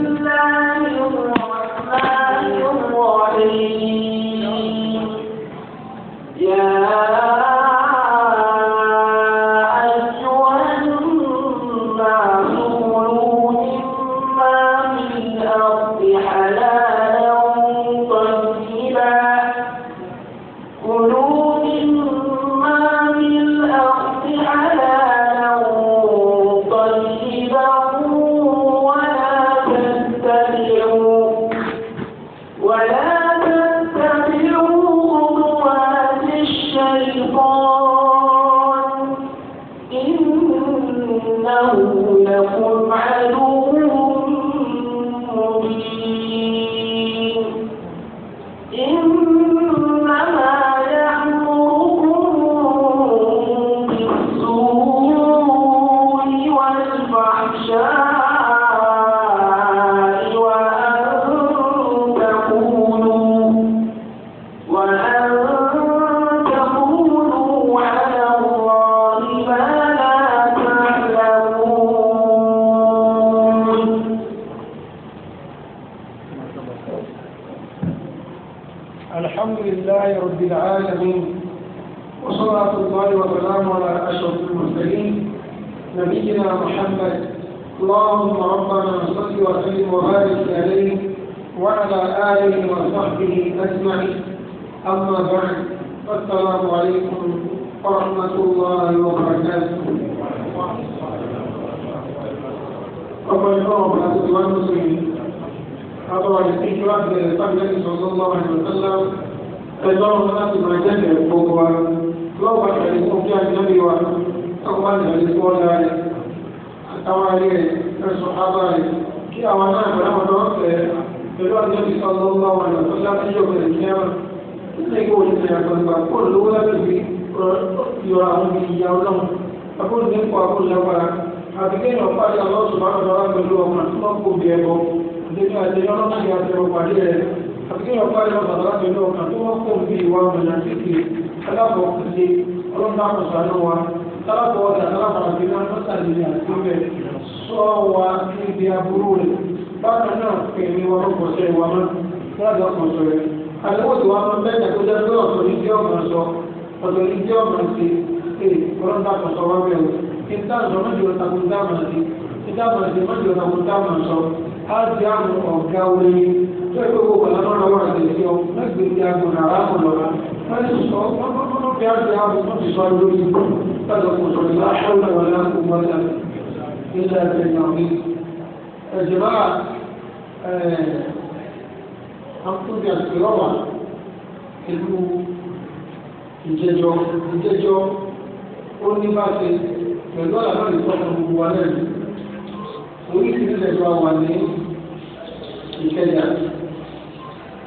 الله lọ́wọ́ àìsọ́lá ẹlọ́run láti máa jẹ́jẹ́ gbogbo wa lọ́wọ́ àìsàn fún kí àjọbí wa káwọn bá jẹ́ ìfọ́ ọ̀la rẹ̀ àtàwọn ayé rẹ̀ ẹ̀sùn ábá rẹ̀ kí àwọn náà bẹ̀rẹ̀ wọn lọ́wọ́ fẹ́ pẹ̀lú àjọbí sọ́lọ́ lọ́wọ́ àìsọ́lá tí yóò bẹ̀rẹ̀ kí ẹ̀rọ nílẹ̀ ìgbò òṣìṣẹ́ àgbàgbà kó lówó láti fi yọra àwọn ìyá ọlọ́run akóni nípa akóni agbára àtìkéyàn pàdé àwọn ọ̀ṣùn bá ń lọ́wọ́ pẹ̀lú ọkùnrin tó àti ọ̀pá ìlú bàbá mi náà kà tó wọ́n kó bí ìwà ọ̀nà títì alábọ̀ ọ̀sẹ̀ ọlọ́dà àkọsàánú wa alábọ̀ ọ̀sẹ̀ alábọ̀ àti náà lọ́sàlẹ̀ àti ọ̀bẹ sọ wa níbi aburú rẹ̀ bákan náà kẹ̀mí wa ó kọ̀ọ̀sẹ̀ wa mọ́ lọ́dọ̀ ọ̀sọ̀ rẹ̀ àlẹ́wò tí wọ́n máa bẹ́ẹ̀ tó jẹ́ pé ọ̀sọ̀ ní jẹ́ ọ̀gbọ̀n sọ ọ̀sọ̀ ní jẹ́ ọ̀gbọ̀n sí ee ọlọ́dà àkọsọ wa bẹ̀rù ìta ọ̀sọ̀ mọ́jọ́ takun dáàmà sí ìta ọ̀sọ̀ mọ́jọ́ takun dáàmà sọ á ti àwọn ọ̀gá orin tó ẹgbẹ́ gbogbo ọ̀làmọ́ra wà ní ilé ọ lẹ́gbẹ̀ẹ́ ti agbọ̀n ara mọ̀ lọ́la wọ́n ti sọ wọ́n fi àti àwọn tó ti sọ lórí lọ́dọ̀ kò sọ̀rọ̀ ìlà ṣọ́ọ̀lá wà láàkó wọ́lá nílẹ̀ ẹgbẹ́ ìyàwó ẹ̀jẹ̀ bá àkójọ àti rọ́bà ìlú ìjẹjọ ìjẹjọ ó ní bá ṣe pẹ̀lú àlàbà ìtọ́kùn gbogbo wa lẹ́yìn orí ìdílé ẹ̀jọ̀ àwọn ní ìkẹyà.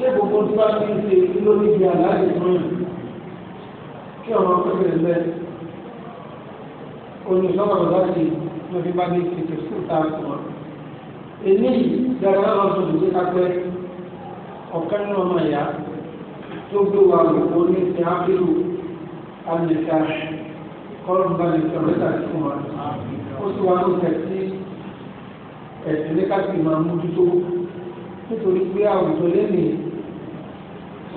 ṣé gbogbo tí wàá fi ń ṣe lórí ibi àlàyé fún yìí kí ọmọ akẹ́kẹ̀rẹ́ lẹ onísọ́mọ̀ láti lọ fi bá ní tètè fún ta fún wa. èmi dára náà wọn tún lè kápẹ́ ọ̀kan nínú ọmọ ìyá tó gbé wa lòpọ̀ ní ti ábírù àlèkà kọ́lọ́mùbá lè sọ mẹ́ta sí fún wa ó sì wá ló tẹ̀ ẹ̀sìn ní kápẹ́ máa mójútó nítorí pé àwùjọ lẹ́nìí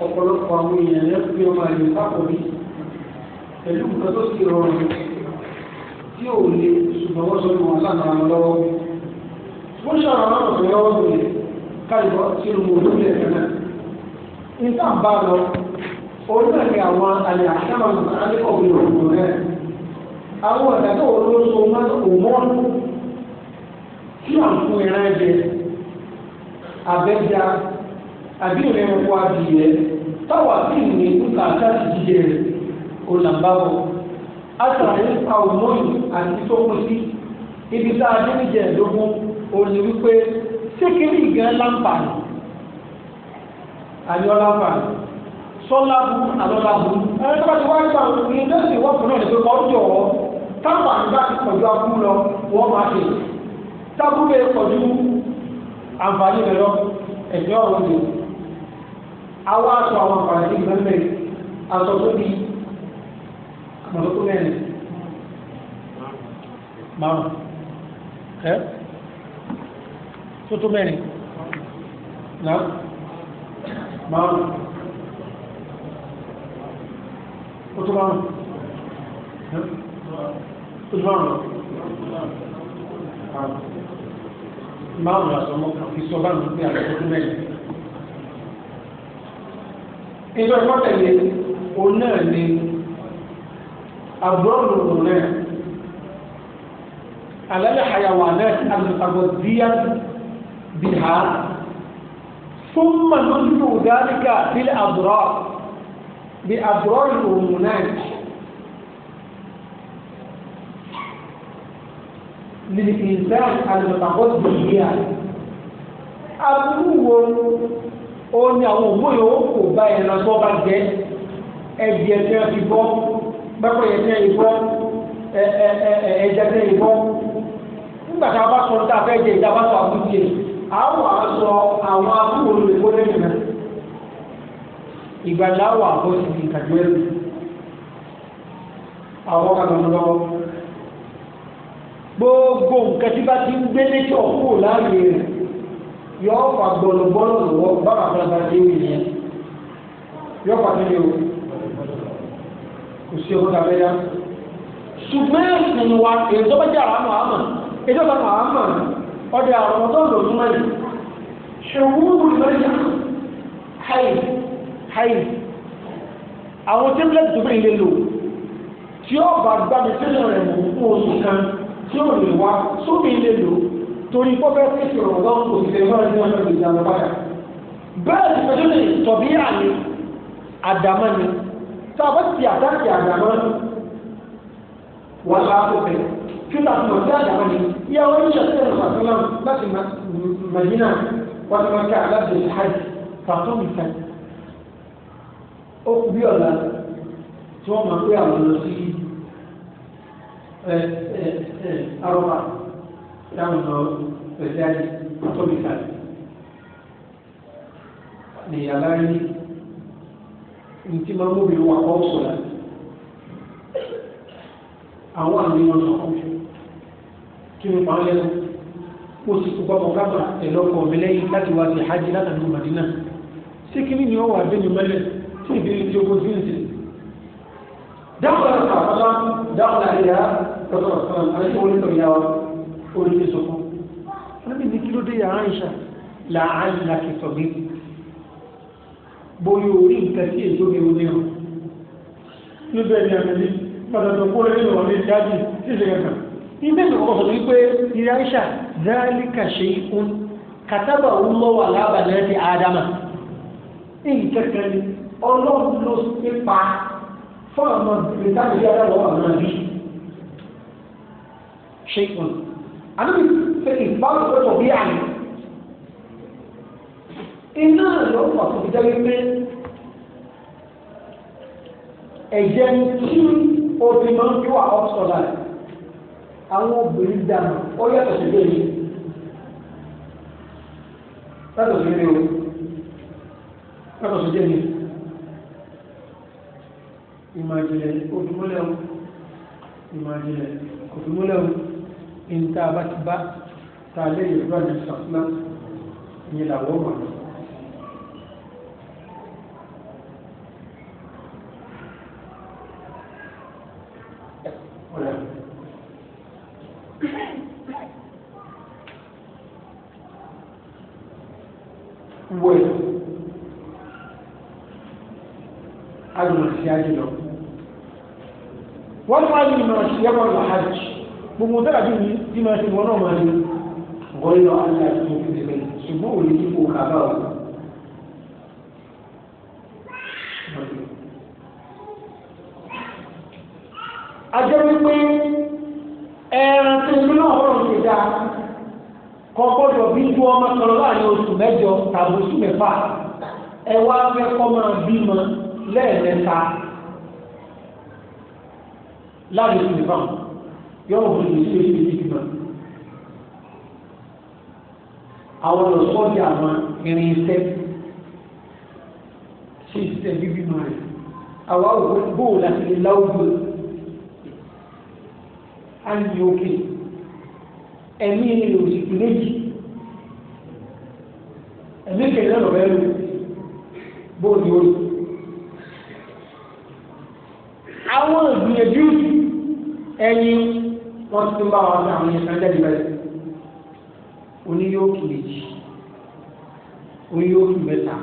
ọ̀pọ̀lọpọ̀ àwọn èèyàn lẹ́kùn bí ọmọ àyè pápọ̀lì pẹ̀lú nǹkan tó sì rọrùn tí ò lè ṣùgbọ́n wọ́n sọ wọn sáà náà lọ́wọ́ wọ́n ṣàrọ̀ lọ́rọ̀ tó lọ́wọ́ mi káyọ̀ tí mo lò lẹ̀ náà nígbà bá lọ orí náà ni àwọn àyè àṣàmọ̀ alẹ́kọ̀ọ́ mi ò lò rẹ̀ àwọn ọ̀dàdọ̀ olóso máa kò mọ́nú tí à fún ẹran jẹ abẹ́jà àbí òun ẹ̀rọ kó adìyẹ táwa sí ìwé nípa àkáàtì jíjẹ rẹ̀ olàǹbáwọ̀ àtàwọn nípa òmóyìn àti tó kún sí ibi tá a dé níjẹ̀ lógún òní wípé sékìrì ìgàn láǹfààní àbí ọláǹfààní sọ́láàbù àlọ́láàbù ẹni tó bá ti wá gbà ní o wọ́n fún náà ní o ọjọ́ táwọn àgbà ti pọ̀jù akú lọ wọ́n máa ṣe tábúlé pọ̀jù àǹfààní rẹ̀ lọ ẹ̀jẹ̀ ọ̀rọ̀ nìyẹn àwọn aṣọ àwọn pàdé ìgbẹ́mẹ̀ aṣọ tó di àmọ́tòkó mẹ́rin márùn ẹ́ tó tó mẹ́rin náà márùn ó tó márùn ó tó márùn márùn aṣọ mọ́ ìṣọ́ bá ń gbé àṣọ tó mẹ́rin ìjọ ìfọ́tẹ̀lẹ̀ òun náà ni àbúrọ̀lù òun náà alẹ́lẹ́ àyàwó alẹ́ àgbàgbọ́díyà bìhá fún màlúùdù dáríkà bíi àbúrọ̀ bíi àbúrọ̀lù òun náà lìlìkì ìsáà àgbàgbọ́díyà abúrú wo ó ní àwọn òmùú yòó kò bá ẹ̀ lọ tó bá jẹ́ ẹbí ẹ̀tẹ́ fi bọ́ pẹ́pẹ́ ẹ̀tẹ́ ìbọ́ ẹ̀ẹ́dẹ́gbẹ́ ìbọ́ nígbà tá a bá sọ tá a fẹ́ jẹ ìjà bá sọ àwọn àṣọ àwọn lè kó ìgbà ti gbogbo nǹkan bá ti ń gbélé yọ fà gbọlọgbọlọ lọ́wọ́ báwa fẹ́ bá dé wì yẹn yọ fà tó lé o kò sí owó tàbí yá. ṣùgbọ́n ẹ̀sìn wa èdè ọba jẹ́ àràmọ̀ àmọ̀ èdè ọba àmọ̀ àmọ̀ ọdẹ àwọn ọ̀dọ́ ọ̀dọ́ ọdún mẹ́rin ṣòwúrú lọ́yà háì háì àwọn tẹ́lẹ̀ tó bẹ́ẹ̀ lè tí ó bá gbá mi rẹ̀ mọ̀ fún oṣù kan tí ó lè wá sómi lè torí pọ́pẹ́ tí ìṣòro lọ́wọ́ kò sí ẹ̀rọ ní ọjọ́ ìjàmbá padà bẹ́ẹ̀ ni pẹ̀lú ní tọ̀bí àmì àdàmọ́ ni tá a bá ti àdáàkì àdàmọ́ ni wọ́n bá tó bẹ̀ kí ó tàbí ọ̀sẹ̀ àdàmọ́ ni ìyàwó ń ṣe ṣẹ́yìn fàtúnà láti màdínà wọ́n ti máa ká aláṣẹ ìhàj fàtúnì kan ó kú bí ọ̀la tí wọ́n máa pé àwọn lọ sí arọ́bà táwọn lọ pẹ̀lú àyè tóbi kalẹ̀ nìyà bá rí ntí máa mú mi wà kọ́ sọ̀rọ̀ àwọn àmì wọn sọ fún mi kí n pa á lẹ́nu mo sì kú papọ̀ kábà ẹ̀lọ́kọ̀ mi lẹ́yìn láti wá sí hajj látàdúgbò Madina ṣé kí ni ọwọ́ abẹ́ni mẹ́lẹ̀ tí ìbéèrè tí o kò sí ń sè. dáhùn àti orílẹ̀ sọ́kún níbi ní kí ló dé yàrá ìṣà làálà kìtọ̀gbé bóyá orí nǹkan sí èso ní orí hàn níbẹ̀ ni àmì pàtàkì kó lórí ìwọ̀n ní jáde sí ìṣẹ́ kankan níbẹ̀ ni kọ́kọ́ sọ̀rọ̀ wípé ìyá ìṣà dáríkà ṣe ikún kàtàbà òun lọ́wọ́ aláàbà náà ti ádámà nǹkan kan ni ọlọ́run ló ṣe pa fún àwọn ìrìntàmì bí adáwọ̀ àwọn àbí ṣe ikún àdúgbò ṣe ìbámu tó tọ̀ bí àná iná ló ń pàtó fi jẹ́ pé ẹ̀jẹ̀ tí obìnrin máa ń tó àwọn sọ̀rọ̀ rẹ̀ àwọn obìnrin dànù ó yàtọ̀ sí bẹ́ẹ̀ yìí yàtọ̀ sí bẹ́ẹ̀ yìí yàtọ̀ sí bẹ́ẹ̀ yìí ìmọ̀ ìjìnlẹ̀ òdùmọ́lẹ̀ òdùmọ́lẹ̀ òdùmọ́lẹ̀ inta bat ba ta le yuwan sakna ni la woma وين؟ أجل الحياة لهم. وفعلوا من الحياة والحج. gbogbo sára bí mi tí máa ṣe wọn náà máa ṣe wọ́n yọ àti àti tó fi tẹ̀lé ṣùgbọ́n òní kí kò kà báwò. ajẹ́ wípé ẹran tí omi náà ọ̀rọ̀ ṣe dáa kọ́ gbọ́dọ̀ bí ju ọmọ sọ̀rọ̀ láàrin oṣù mẹ́jọ tàbí oṣù mẹ́fà ẹ wá fẹ́ kọ́ máa bímọ lẹ́ẹ̀mẹ́ta láàrin oṣù mẹ́fà yóò wọ ní ṣe ṣe ní ìgbà àwọn ọ̀sọ́jà àwọn irin iṣẹ́ ṣe ìṣẹ́ bíbí mọ́ rẹ̀ àwa ògbó láti lè láwùjọ á ní òkè ẹ̀mí òsìkì méjì ẹ̀mí kẹ̀lẹ́ lọ́bẹ̀ lò bóòdì orí àwọn ìgbìyànjú ẹ̀yìn wọ́n ti tún bá wọn sí àwọn ẹ̀ka lẹ́yìn rẹ̀ oníyóòkì méjì oníyóòkì mẹ́ta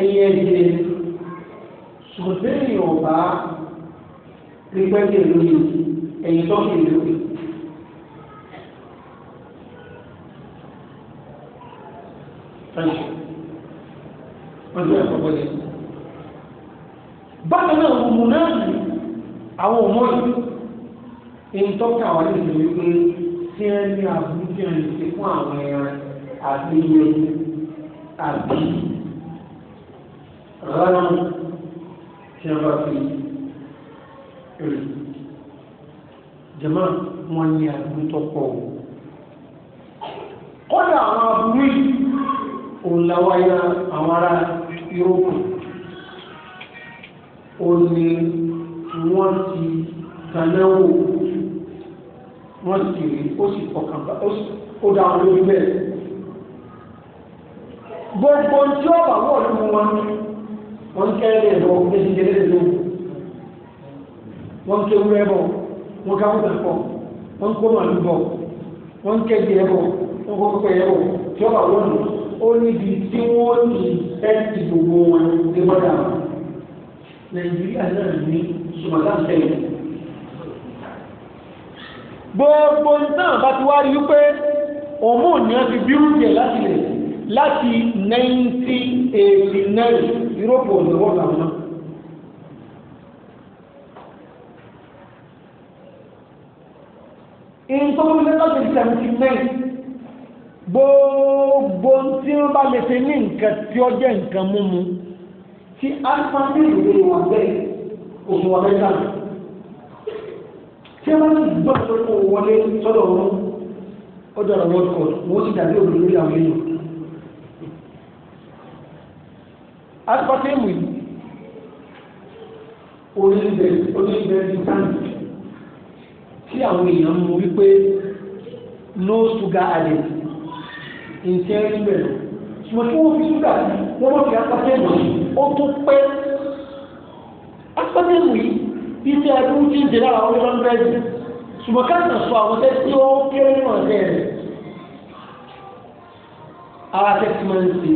ẹ̀yìn ẹ̀jẹ̀ sọ̀tẹ́yìn ọ̀bá rí pẹ́ẹ́kì lórí ẹ̀yìn tọ́kì lórí. Thank you. Wọ́n ti rẹ̀ kọ́kọ́ yẹn bákan náà mo mú náà ní àwọn òmòrì èyí tó kà wá ní ìlú wípé tí ẹ ní àbúrú tí ẹ lè ṣe fún àwọn ẹran àti iye àbí rárá tí ẹ bá fi rè jẹmọ wọn ní àbúrú pọ̀ o kódà àwọn àbúrú yìí òun làwọn ará Yúróòpù ó ní wọ́n ti tanáwó wọ́n sì rí ó sì kọkàn bá ó dá wọn lórí bẹ́ẹ̀. gbogbo tí ó bá wọ̀ nínú wọn wọ́n kẹ́rẹ́ ẹ̀rọ ẹ̀sìn jẹ́rẹ́ ló wọ́n ké wúrẹ́ bọ̀ wọ́n ká wúrẹ́ bọ̀ wọ́n kó màlúù bọ̀ wọ́n kẹ́gbẹ́ bọ̀ wọ́n kó pẹ́ bọ̀ tí ó bá wọ̀ nù ó níbi tí wọ́n ti ẹ̀ ti gbogbo wọn ní mọ́tà wọn nàìjíríà náà ní ṣùgbọ́n sẹ́yìn. gbogbo náà bá ti wá rí wípé òmù ni wọ́n ti bírú jẹ láti lè láti 1989 yúróòpù òdòwò làwọn náà. ìtọ́wọ́ lẹ́tọ́sí seventy nine gbogbo tí wọ́n bá lè ṣe ní nǹkan tí ó jẹ́ nǹkan múmu tí alifásitì ìwé wọn bẹ́ẹ̀ oṣù wọn bẹ́ẹ̀ sàn. tí a bá ti gbọ́ pé kó wọlé sọ́dọ̀ wọn ó dọ̀rọ̀ world cup wọ́n ti dàbí òbí lórí àwọn èèyàn. alifásitì ìwé oníbẹ̀ oníbẹ̀ ti sáǹtì tí àwọn èèyàn mú wípé no sugar added ǹjẹ́ rí bẹ̀rẹ̀ ṣùgbọ́n tí wọ́n fi ṣúgà wọ́n mọ̀ fi apá tẹ́lẹ̀ ó tún pé akpẹ́tẹ̀wù yìí bíi tí a ti ń jíjìn lára wọn lọ́n bẹ́ẹ̀ jù ṣùgbọ́n káàkiri sọ àwọn tẹ́ tí ó kéré nínú ọ̀sẹ̀ rẹ̀ ara tẹ́ tí máa ń ṣe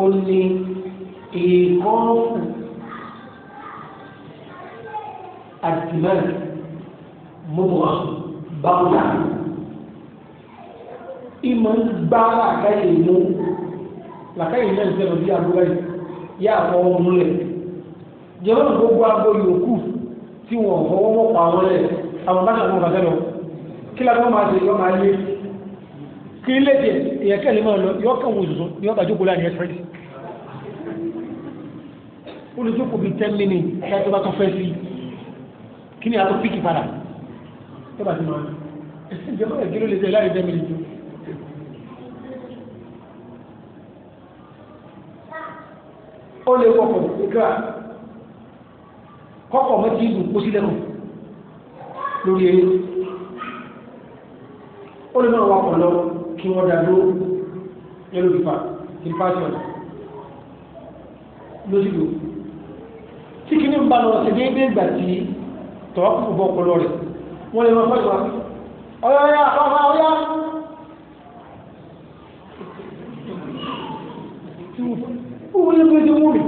ó ní ìkọ́ọ̀fù àtìmẹ́rẹ̀ mọ́mọ́ báwùdà ìmọ̀ ń gbá àkáyè mú làkáyè náà ń sẹ́nu bí abúlé yìí yá àfọwọ́ mú lẹ̀ jẹ́wọ́n tó gbogbo aago yòókù tí wọ́n fọwọ́ mọ̀ pa àwọn lẹ̀ àwọn bá ṣàkóso àṣẹ lọ kí lábẹ́ wọn máa ṣe yọ máa lé kí lè jẹ ìyẹ̀kẹ́ lè máa lọ yọ kàn wò zùzù yọ kàn jókòó láàrin ẹ̀fẹ́ olùjókòó bíi ten minutes kí a tó bá tó fẹ́ sí kí ni a tó píkì padà tó bá ti máa ẹ̀sìn ìjọba ìgbéró lè jẹ́ láàrin ten minutes ó lè kọkọ ìkà kọkọ mẹtí ìlú kó sílẹ̀ mọ lórí eré ó lè máa wakọ̀ lọ kí wọ́n dá dúró yẹlò ìfà ìfàṣọ lójúlò tí kìíní ń bá lọ sí déédéé ìgbà tí tọ́ bọ̀ ọpọlọ rẹ̀ wọ́n lè máa fọ́ ìwà ọ̀yọ́ ya fáfá ọ̀yá. Thank you wuli bi ti wuli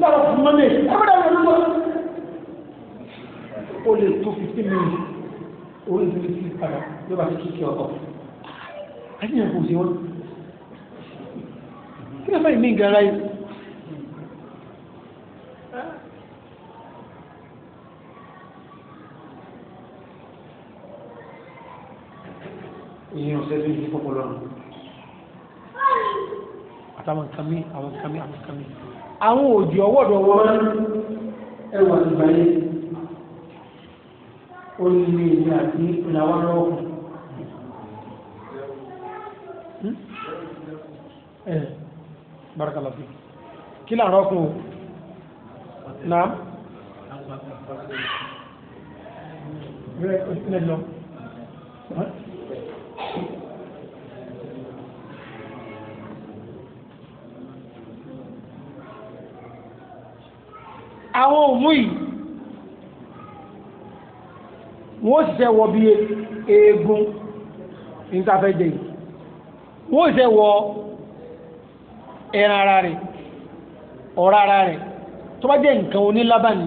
lọ́wọ́ fún mọ́ mi ẹ bẹ́ẹ̀ lọ́wọ́ lọ́wọ́. o lè tó fifty minutes o lè tó fifty padà ló bá ti kí kí ọkọ. àti yẹn kò sí wọn. kí ló fẹ́ mi gara yìí. ìyẹn ọ̀sẹ̀ tó àtàwọn nǹkan mi àwọn nǹkan mi àwọn nǹkan mi àwọn òdì ọwọ́dọ̀ wọn ẹwà ìgbàlẹ̀ onílé ìlú àti ìlàwọ́ lọ́wọ́ ẹ hmm? eh, barakala fi kí làárọ̀ kún o naam bẹ́ẹ̀ ní ẹ lọ. ọ̀hún yìí wọ́n ṣiṣẹ́ wọ eegun nítafẹ́jẹ yìí wọ́n ṣiṣẹ́ wọ ẹran ara rẹ̀ ọ̀rá ara rẹ̀ tó bá jẹ́ nǹkan onílábà ni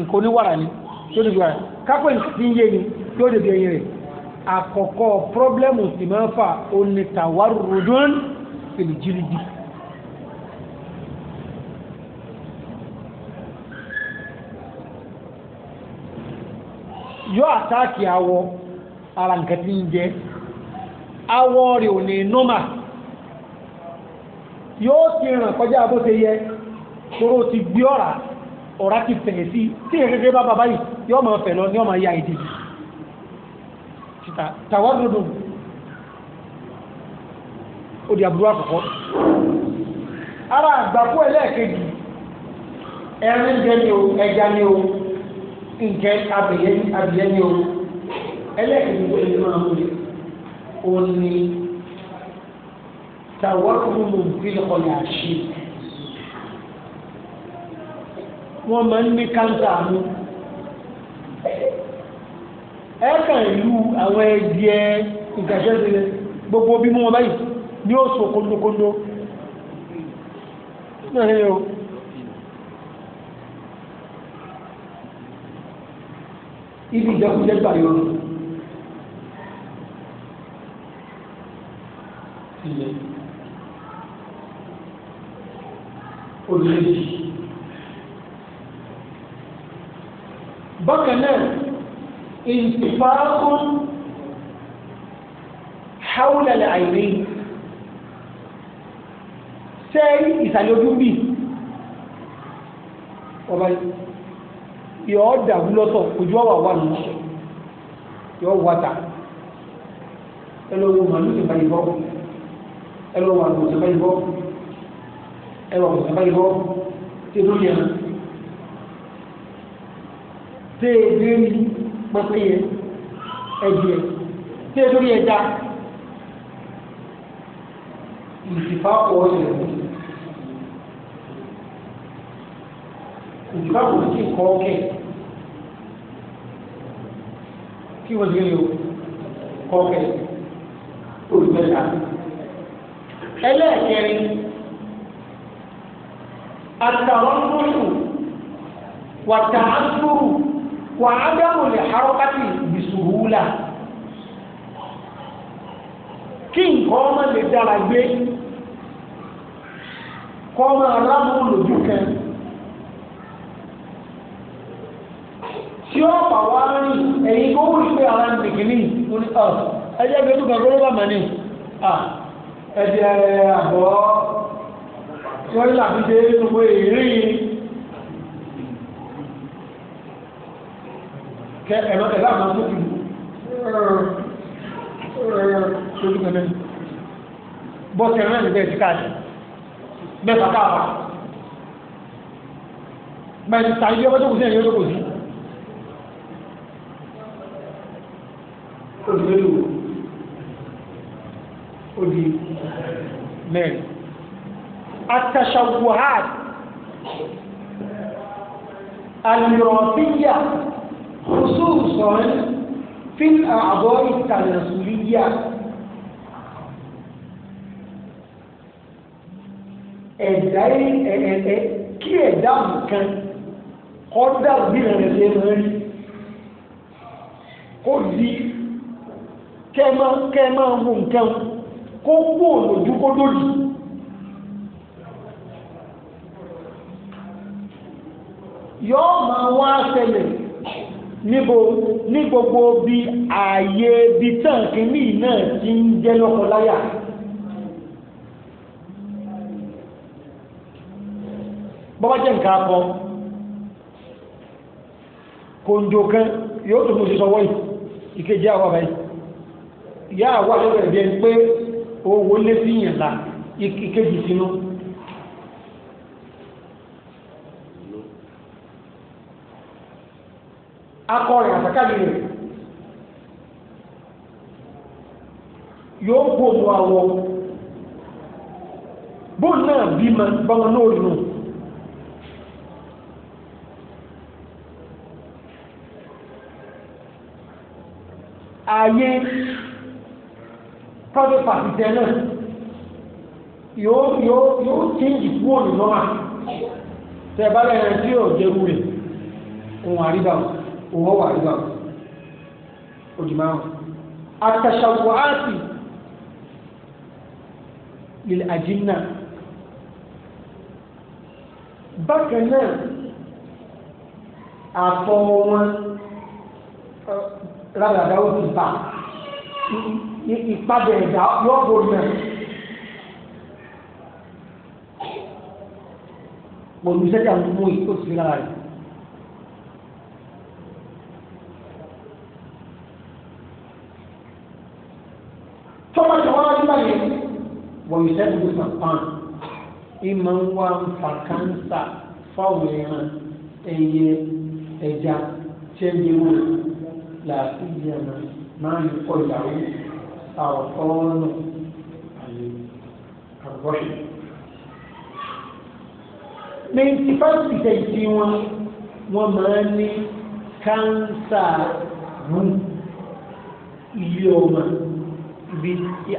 nǹkan oníwàrà ní tó dìbò rẹ̀ kápẹ́ nǹkan yé ni tó dìbò ẹyin rẹ̀ àkọ́kọ́ pírọ́blẹ́mù sì máa ń fà yọ àtáàkì awọ ara nǹkan tí ń jẹ awọ rẹ̀ ò ní nọ́mà yóò ti ràn kọjá bó ṣe yẹ tóró ti gbé ọ̀rá ọ̀rá ti fẹ̀ sí tí ìrẹ́gẹ́ bá bàbá yìí yọ máa fẹ̀ lọ ní ọmọ ya ìdè tàwádòdò ó di àbúrò àkọ́kọ́ ara àgbàkú ẹlẹ́ẹ̀kejì ẹ̀rín jẹ ni o ẹja ni o nǹkan abìyẹ́ ní ooru ẹlẹ́ẹ̀kejì tó lè máa múlẹ̀ ó ní tàwọ́kùnmù bílẹ̀ ọ̀lẹ̀ àṣì wọ́n máa ń ní káńtà mú ẹ̀ẹ́kà ìlú àwọn ẹgbẹ́ ìgbàṣẹ́sílẹ̀ gbogbo bí mú wọn báyìí ní ó sọ kóndókóndó náà ibi ìjẹkújẹ gbà yọ ilẹ̀ olùlẹ́yìn. bákan náà ìtìfáàkùn haúlẹ̀lẹ̀ àìrí sẹ́ẹ̀rí ìsàlẹ̀ ojú bíi ọba yìí yọ dàrú lọ́tọ̀ ojú ọ̀wà wà nù yọ wàtà ẹlọ́wọ́ màlúù ti bá ibọ́ ẹlọ́wọ́ àlùkò ti bá ibọ́ ẹwà kò ti bá ibọ́ tí ló yẹ tí èdè rí pẹ́pẹ́ yẹ ẹ̀jẹ̀ tí èdè rí ẹja ìsìfà pọ̀ ọ̀sẹ̀ rẹ̀. ìdìbò àkókò tí nǹkan ọ̀kẹ́ kí wọ́n ti rí o kọ́ ọ̀kẹ́ olùgbẹ́ta ẹlẹ́ẹ̀kẹrin àtàrọ́nùkù wàtàásùrù wà ádámù lè harọ́kátì bìsùhúlà kí nǹkan ọmọ lè dára gbé kọ́ ọmọ aráàlú lójú kẹrin. yóò fà wá rìn ẹ̀yìn kó wù pé ara ń bìkìní ní ọ̀ ah, ẹjẹ́ gbé tó kankan rọ́bà mọ́ni ah, ẹ̀jẹ̀ àbọ̀ wọ́n làbí dé gbogbo èrè kẹ ẹ̀rọ ẹ̀rọ àmọ́ tó kì í ṣojú kan náà bọ́ọ̀sì ẹ̀rọ ẹ̀rọ ẹ̀sì káàdì mẹ́fà káàbà mẹ́ta ilé ọjọ́ kò sí ẹ̀yìn ọjọ́ kò sí. حملوا قولي مال التشوهات الوراثية خصوصا في الأعضاء التناسلية ازاي كي ادام كان قدر بيرن زيمري قدر kẹ́ẹ̀mọ́ kẹ́ẹ̀mọ́ wo nǹkan kó kó lójú kó lórí. yọ́ máa wá ṣẹlẹ̀ níbo ní gbogbo bí ààyè bí tàǹkì míì náà ti ń jẹ́ lọ́kọláyà. bọ́bá jẹ́ nǹkan akọ kòǹjò kan yóò tó mú sí sọ wọ́yì ìkejì àwọn àbáyìí ìyá àwa ló rẹ̀ bíi pé owó lé sí yẹn la ìkejì sínú. akọrin àtàkàlì rẹ̀ yóò gbòòrò àwọ̀ bóun náà bímọ bọ́mọ náà nù. ayé private party tẹ náà yóò yóò yóò change kúrò ní nọ́mà tẹ bá lẹ́yìn tí yóò jẹ́ wúre òun àríbá òun ọ̀wọ̀ àríbá òdì máa àtàṣàwọ̀ áàtì lè àjínà bákan náà wọn rárá dáwọ́ ti bá ìpadà ẹ̀dá yóò borí mẹ́rin. olùsẹ́jà ń mú ìtò sí lára rẹ̀. tọ́ba ṣe wọ́n wájú báyìí wọ́n yóò sẹ́gun ní sàpán ìmọ̀ ń wá ń fa kánsà fáwọn ẹran ẹyẹ ẹja tí ẹ ń yẹ wọ́n làásìgbìyàmọ̀ máa ń kọ ìyàwó. أرقان الرحم ninety five percent tí wọ́n wọ́n máa ń ní kánsà mú ilé ọmọ ibi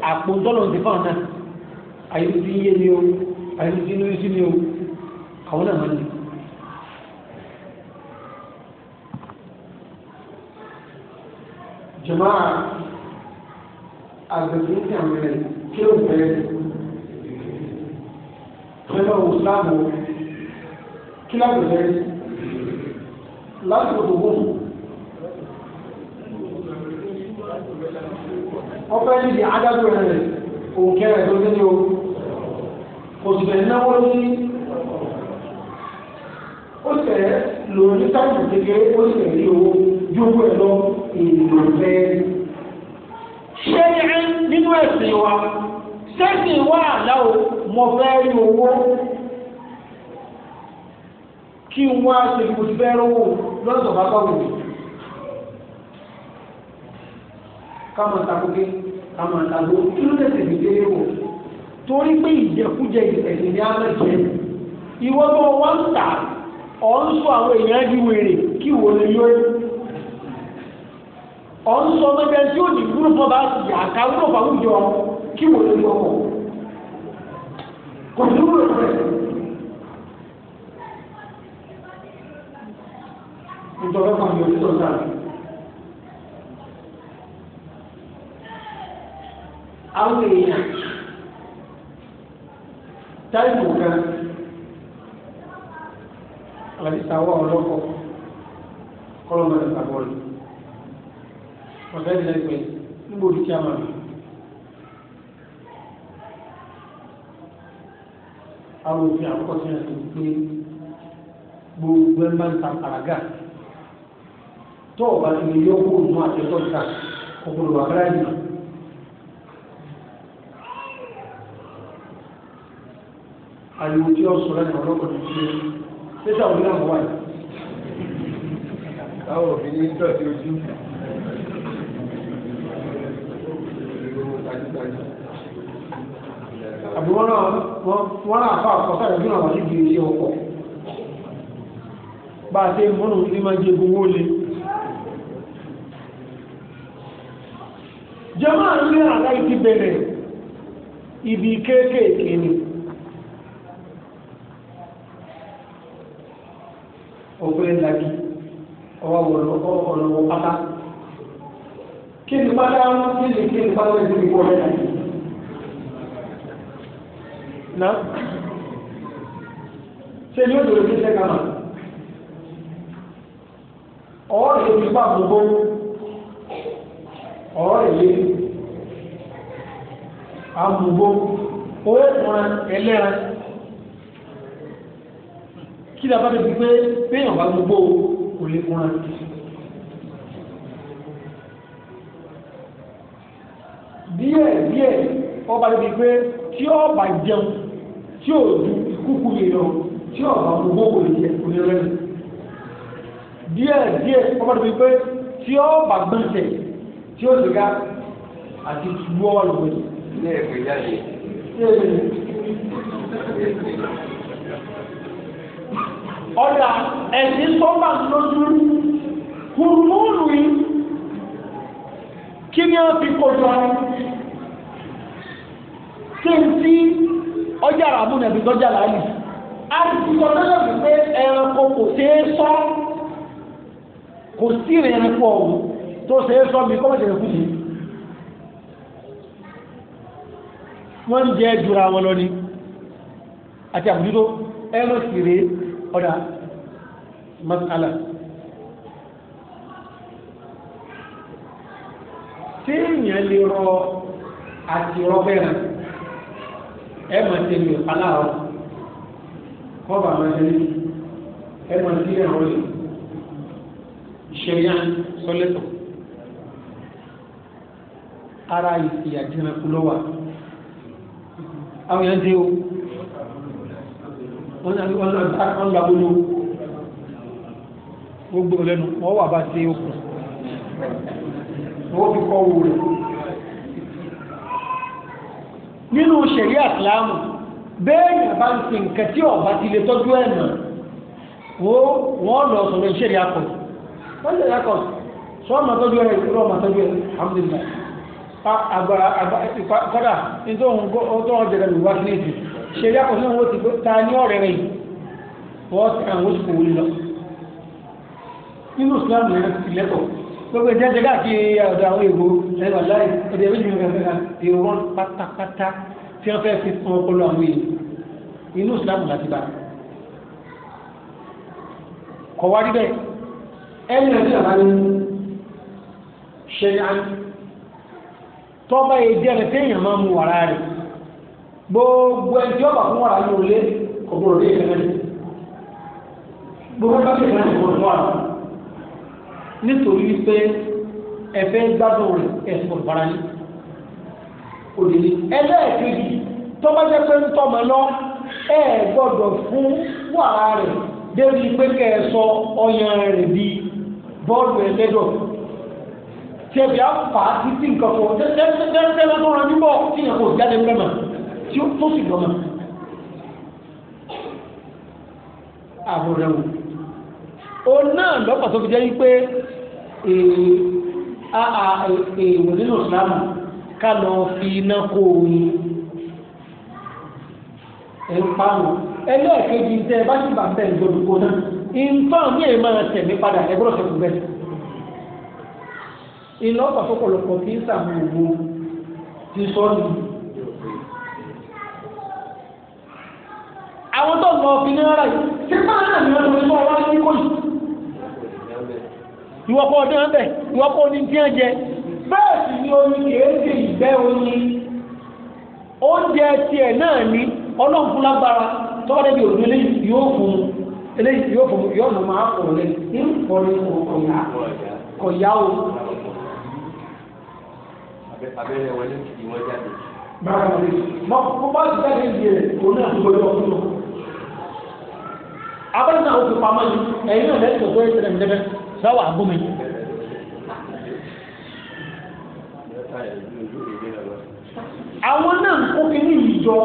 àpò tọ́lọ̀ ti fáwọn o àyíkú tí ń o àwọn náà máa àgbẹ̀tún tí àwọn ẹ̀rẹ̀ kí ó bẹ̀rẹ̀ pẹ̀lú ìsìláàmù kí lábẹ̀rẹ̀ láti òdòwò ọpẹ́ níbi adájọ́ ẹ̀rẹ̀ òǹkẹ́ rẹ̀ tó nílé o kò sì bẹ̀rẹ̀ náwó ní ó tẹ̀ lòun ní sáyẹ̀nsì kékeré ó sì rí owó jókòó ẹ̀ lọ ìlò bẹ́ẹ̀ ṣé nínú ẹ̀sìn wa sẹ́sìn wa àláwo mo fẹ́ rí owó kí n wá ṣe kò fẹ́ rówó lọ́sọ̀ bá bá wù káma takoke káma tago kí ló dé tèmi dé wò torí pé ìjẹkújẹ ìtẹ̀sìn ni a máa jẹ ìwọ́n bọ́ wọ́n ń tà ọ̀ ń sọ àwọn èèyàn di wèrè kí wò lè yọ ẹ́ ọ̀n sọ mẹ́ta tí ó ní wúlò fún ọba àká wúlò fún àwùjọ kí wò ló ń kò sí wúlò fún ẹ̀. kan yóò tó sáà. àwọn èèyàn táìpù kan àti ìsàwọ̀ ọlọ́kọ̀ kọ́lọ́mọdé sàbọ̀lì. ọ̀sẹ̀ ìlẹ́gbẹ̀ẹ́ níbo di chairman. àwọn òfin àkọ́kọ́ pé gbogbo ẹ̀ máa ń ta àràgà tó ọ̀bá ti lè yọ kó nù àtẹ́tọ́ ta ọ̀pọ̀lọpọ̀ àkàrà ìmọ̀. àyẹ̀wò tí àbí wọ́n náà wọ́n náà fà àkọsá ìrìn àwọn àdìgbì iṣẹ́ ọkọ̀ bá a ṣe mọ́nà ní máa jẹ gbogbo lé jẹ́mọ́ àrílé àlá ìtì bẹ̀rẹ̀ ibi kéékèèké ni ọ̀pẹ́ ìlàjì ọwọ́ ọ̀nà pátá kí ni bá dáhùn kí ni kí ni bá lè fi wọ ẹ̀ náà ṣe ni ó lè fi ṣe kama ọ̀rọ̀ lè fi pa gbogbo ọ̀rọ̀ lè amúgbó owó ìran ẹlẹ́ran kí ni a bá lè fi pé péyàn bá gbogbo kò lè fúnra. díẹ̀ ọba níbi pé tí ọba jẹun tí ò ju ìkúkú lè lọ tí ọba gbogbo kò lè jẹ kò lè rẹ díẹ̀ díẹ̀ ọba níbi pé tí ọba gbọ̀nsẹ̀ tí ó sì ga àti ìtúbọ̀ wà lóore. ilé ẹ̀fẹ̀ jáde. ọ̀dà ẹ̀sìn sọ́mbà lójú hùrùmùrù yìí kí ni wọ́n fi kó jọ kí n tí ọjà ràmú nàbí lọ́jà láàyè a ti sọ lọ́dọ̀ wípé ẹranko kò ṣeé sọ kò sí ìrìnàkọ ọ̀hún tó ṣeé sọ mi kọ́ mọ̀tẹ̀lẹ̀ kùtì wọ́n ń jẹ́ jura wọn lọ ni àti àbújútó ẹran sì rèé ọ̀dà masala tí èèyàn lè rọ àti rọ bẹ́ẹ̀ náà ẹ mọ̀ sí ẹni aláwọ̀ kọ́ba àwọn ẹni ẹ mọ̀ sí ẹ̀rọ rẹ̀ ìṣẹ̀yà sọ́lẹ́tọ̀ ara ìsìyà jẹun kú lọ́wọ́ àwọn yẹn dé o wọ́n ń gba gbóló gbogbo lẹ́nu wọ́n wà bá dé okùn wọ́n fi kọ́ wò rẹ̀ nínú ṣẹ̀rí àsìláàmù bẹ́ẹ̀ni bá ń sin nǹkan tí ọba ti lè tọ́jú ẹ̀ nà wọ́n lọ sọ̀rọ̀ ìṣẹ̀rí akọ̀ wọ́n lè akọ̀ sọ́ọ̀mà tọ́jú ẹ̀ ìrọ̀mà tọ́jú ẹ̀ alhamdulilayi kọ́dà nítorí ọjọ́ ọ̀jẹ̀dẹ̀ lè wá sí èdè ṣe yàpọ̀ sí wọ́n ti ta ní ọ̀rẹ́ rẹ̀ wọ́n ti àwọn oṣù kò wọlé lọ nínú Islam lè rẹ̀ gbogbo ìjẹ́ jẹ́ káàkiri ọ̀dọ̀ àwọn èèwò ẹ̀rọ láì ọ̀dọ̀ ẹ̀rọ ìjìnlẹ̀ fẹ́ ra èrò pátápátá tí wọ́n fẹ́ fi fún ọpọlọ àwọn èèyàn inú ìsìlámù láti bá kọ̀ wá níbẹ̀ ẹni rẹ̀ nígbà máa ń ṣe án tọ́ba èdè rẹ̀ téèyàn máa mú wàrà rẹ̀ gbogbo ẹni tí ọba fún wàrà ló lé kọ̀ọ̀bọ̀rọ̀ lé ìfẹ́ mẹ́rin gbogbo ẹni tí ọba fún wàrà nítorí wípé ẹ̀fẹ́ gbádùn rẹ̀ ẹ̀sùn ọ̀bára ní òdìní ẹlẹ́ẹ̀kejì tó bá jẹ́ pé ń tọ́mọ lọ ẹ gbọ́dọ̀ fún wàrà rẹ̀ débi pé kẹ́ ẹ sọ ọyàn rẹ̀ di bọ́ọ̀lù ẹlẹ́dọ̀ tí ẹbí á fà á sí sí nǹkan kan tẹ́tẹ́tẹ́tẹ́ tó rán níbọ̀ tí yẹn kò jáde mẹ́mà tí ó tó sì lọ́mọ. àbúrò rẹ̀ wò ó náà lọ́pàá tó fi jẹ́ wípé èèwọ̀ e, e, nínú ìsìlámù ká lọ fi iná kó oyin ẹ̀ ń pààrọ̀ ẹlẹ́ẹ̀kejì tẹ bá ti bà bẹ́ẹ̀ lórúkọ náà nǹkan ní èèmọ̀ tẹ̀mí padà ẹgbọ́n ṣẹ̀kù bẹ́ẹ̀ iná pàṣọpọ̀lọpọ̀ kì í sàmù òwò ti sọ́ọ̀nù àwọn tó ń lọ fi ní ara yìí ṣé báyìí náà ni wọ́n ti wọ́n wá ní kóyì. ìwọ́pọ̀ ọdún ẹ̀bẹ̀ ìwọ́pọ̀ oní tí wọ́n jẹ bẹ́ẹ̀ sì ni omi kéèké ìgbẹ́ oyin oúnjẹ tiẹ̀ náà ni ọlọ́run lágbára tọ́wọ́ débi òdu eléyìí yóò fún eléyìí yóò fún yóò nù máa fún lé nítorí o. abẹ́rẹ́ wọlé kìí wọ́n sọ́wọ́ àbúmi. àwọn náà ń kó kínní ìjọ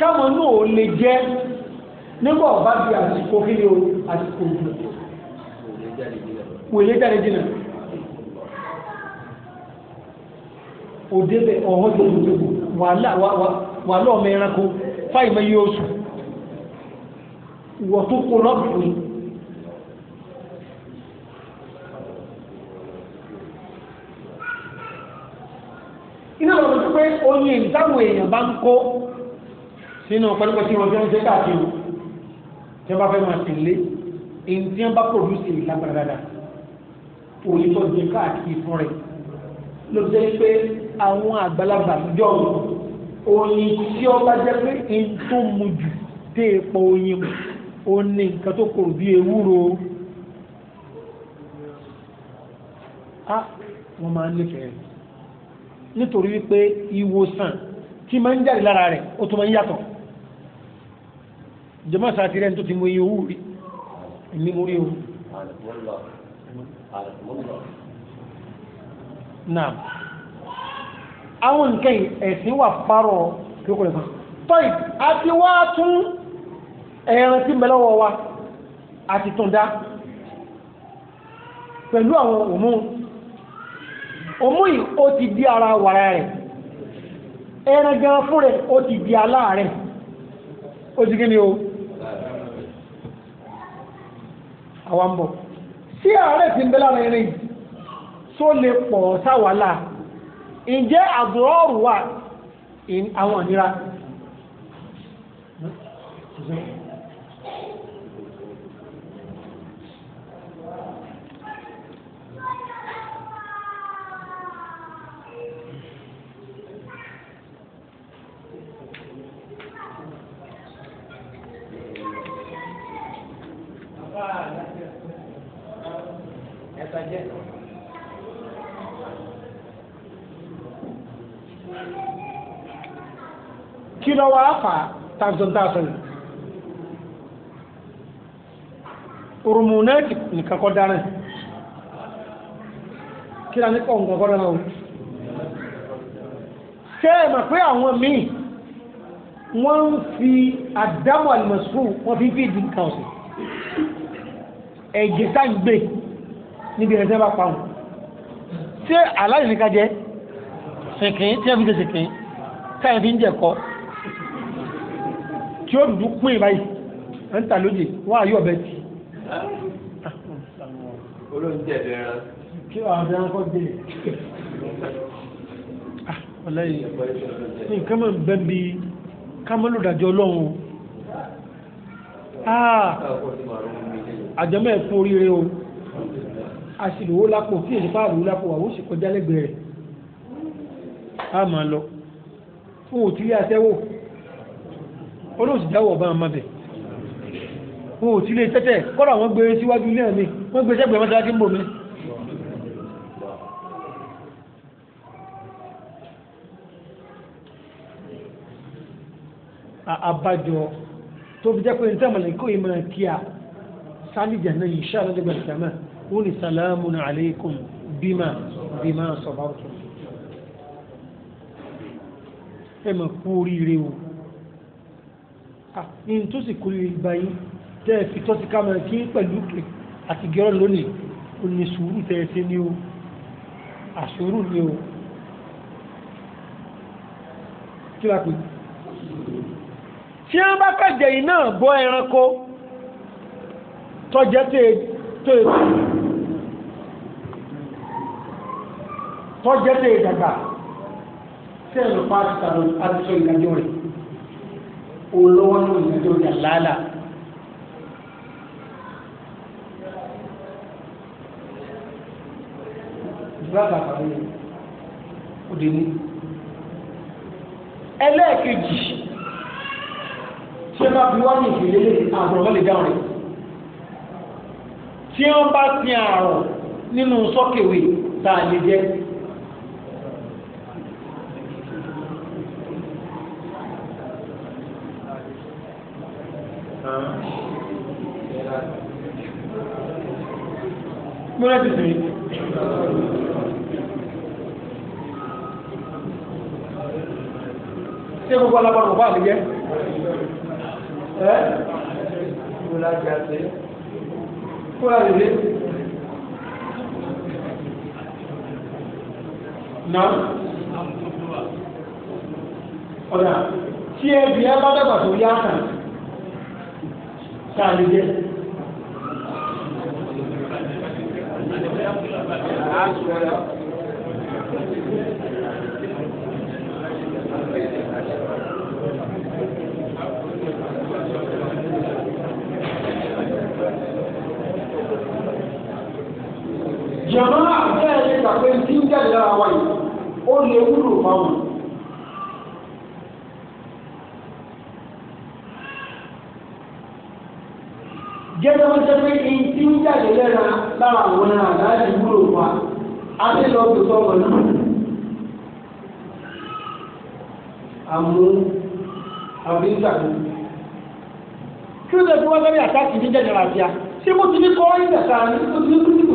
káwọn náà ò lè jẹ́ nígbà ọba di àsìkò kínní o àsìkò òjò wòye jáde jìnnà òde bẹ ọ̀họ́ tó tó tó wàhálà wàhálà ọmọ ẹranko fáìmọ̀ yóò sùn wọ́n tó kó lọ́bìnrin. pé oyin ìtàwọn èèyàn bá ń kó sínú pẹ́lúpẹ́ tí wọ́n fi ránṣẹ́ káàkiri tí wọ́n bá fẹ́ máa sì lé èyí tí wọ́n bá pòdúsì lágbára dáadáa òyìn tó jẹ káàkiri fún rẹ̀ ló jẹ́ pé àwọn àgbàlagbà jọ oyin tí ó bá jẹ́ pé èyí tó mu jù dé epo oyin mu ó ní nǹkan tó kòrò bí ewúro ah, wọ́n máa ń nífẹ̀ẹ́ rẹ̀ nítorí wípé ìwòsàn tí máa ń jáde lára rẹ̀ ó tó máa ń yàtọ̀ jọmọ́ sàtì rẹ̀ tó ti mú iye owó rí ní mo rí o. naam àwọn nǹkan ẹ̀sìn wà párọ̀ kíkọ́ nìkan tọ́yì àti wá tún ẹran tí mẹ́lọ́wọ́ wa àti tún dá pẹ̀lú àwọn òmùn òmù yìí ó ti di ara wàrà rẹ̀ ẹran gan fún ti di ala ó ti kíni o àwa ń bọ̀ sí àárẹ̀ ti ń bẹ lára irin tó lè pọ̀ sáwàlà ǹjẹ́ àdúrọ́rù wà àwọn ìnira. lọ́wọ́ àfà tàbí rumunati nìkan kọ́ dáná kí la ní kọ́ nǹkan kọ́ dáná o ṣé ẹ mọ̀ pé àwọn míì wọ́n ń fi àdámọ̀ àlùmọ̀sùkú wọ́n fi fi ìdí nǹkan ọ̀sẹ̀ ẹ̀jẹ̀ tá ń gbé níbi ẹ̀sẹ̀ bá pa wọn ṣé aláìníkajẹ ṣèkìn tí wọ́n fi ṣe ṣèkìn káyọ̀ fi ń jẹ̀kọ́ tí ó dúdú pín in báyìí ń tà lóde wọ́n àyè ọ̀bẹ tì. olóúnjẹ bẹ̀rẹ̀ kí wàá bẹ ẹranko dé. ọlọ́yìn nǹkan mọ̀ ń bẹ́ bí kámẹ́lò dàjọ́ ọlọ́run ah, àjọmọ́ ẹ̀ fún oríire o àṣìlówó lápò tí èyí bá rò lápò àwọn òṣìkọjá lẹ́gbẹ̀ẹ́ rẹ̀ á máa lọ fún òtílé àtẹ́wò olóòsì dáwọ̀ bá ọmọ bẹ̀ wọn ò sílé tẹ́tẹ́ kọ́ra wọn gbé síwájú ilé mi wọ́n gbé sẹ́gbẹ̀ẹ́ wọn dájú ń bò mí. àbájọ tó fi jẹ́ pé nítorí àmàlẹ́ kó ìmọ̀ kí a sálìjà náà yìí ṣáà lọ́dọ̀ gbàgbà náà wọ́n ní salamun alaykum bímà bímà sabartum ẹ mọ̀ kú oríire o. Ah, ní tó sì kúrò ìbáyí tẹ́ ẹ fi tọ́sí ká máa kí pẹ̀lú pé àti gẹ́rọ́ lónìí ó ní sùúrù tẹ́ ẹ ṣe ní o àṣòrù ní o kí wàá pè. tí wọ́n bá pẹ̀jẹ̀ yìí náà bọ́ ẹranko tọ́jẹ́ tó tó tọ́jẹ́ tó dàgbà sẹ́ẹ̀lù pa àti sàlọ̀ àti sọ ìdájọ́ rẹ̀ olówó ní ìdájọ́ dàlálà. ìdúràbà kan ní òde ní. ẹlẹ́ẹ̀kejì tí ẹ bá fi wá ní ìfìlélẹ̀ àbùrọ̀mọ́ lè dáhùn rẹ̀ tí wọ́n bá sin àrùn nínú sọ́kèwé tá a lè jẹ́ bàbá mi jẹ́ ẹ́ kó lájà sí kó lájà sí. na ọ̀dà tí ẹbí ẹ bá dàgbà tó yá kàn sáà lè jẹ́. jọ̀mọ́ àbẹ́ẹ̀ lè kàpé tí ń jáde lára wa yìí ó lè wúlò fáwọn. gẹ́gẹ́ bó ṣe pé in tí ń jáde lẹ́ra lára àwọn ẹran àdáàdì wúlò wa á lè lọ bí sọ́wọ́ náà. àmú àbíńtàkùn. kí ló dé tí wọ́n fẹ́ àtàkì jíjẹ́ jọ̀rọ̀ àbíyá ṣé mo ti ní kọ́ ẹ́ ìdàkà ní mo ní kúrú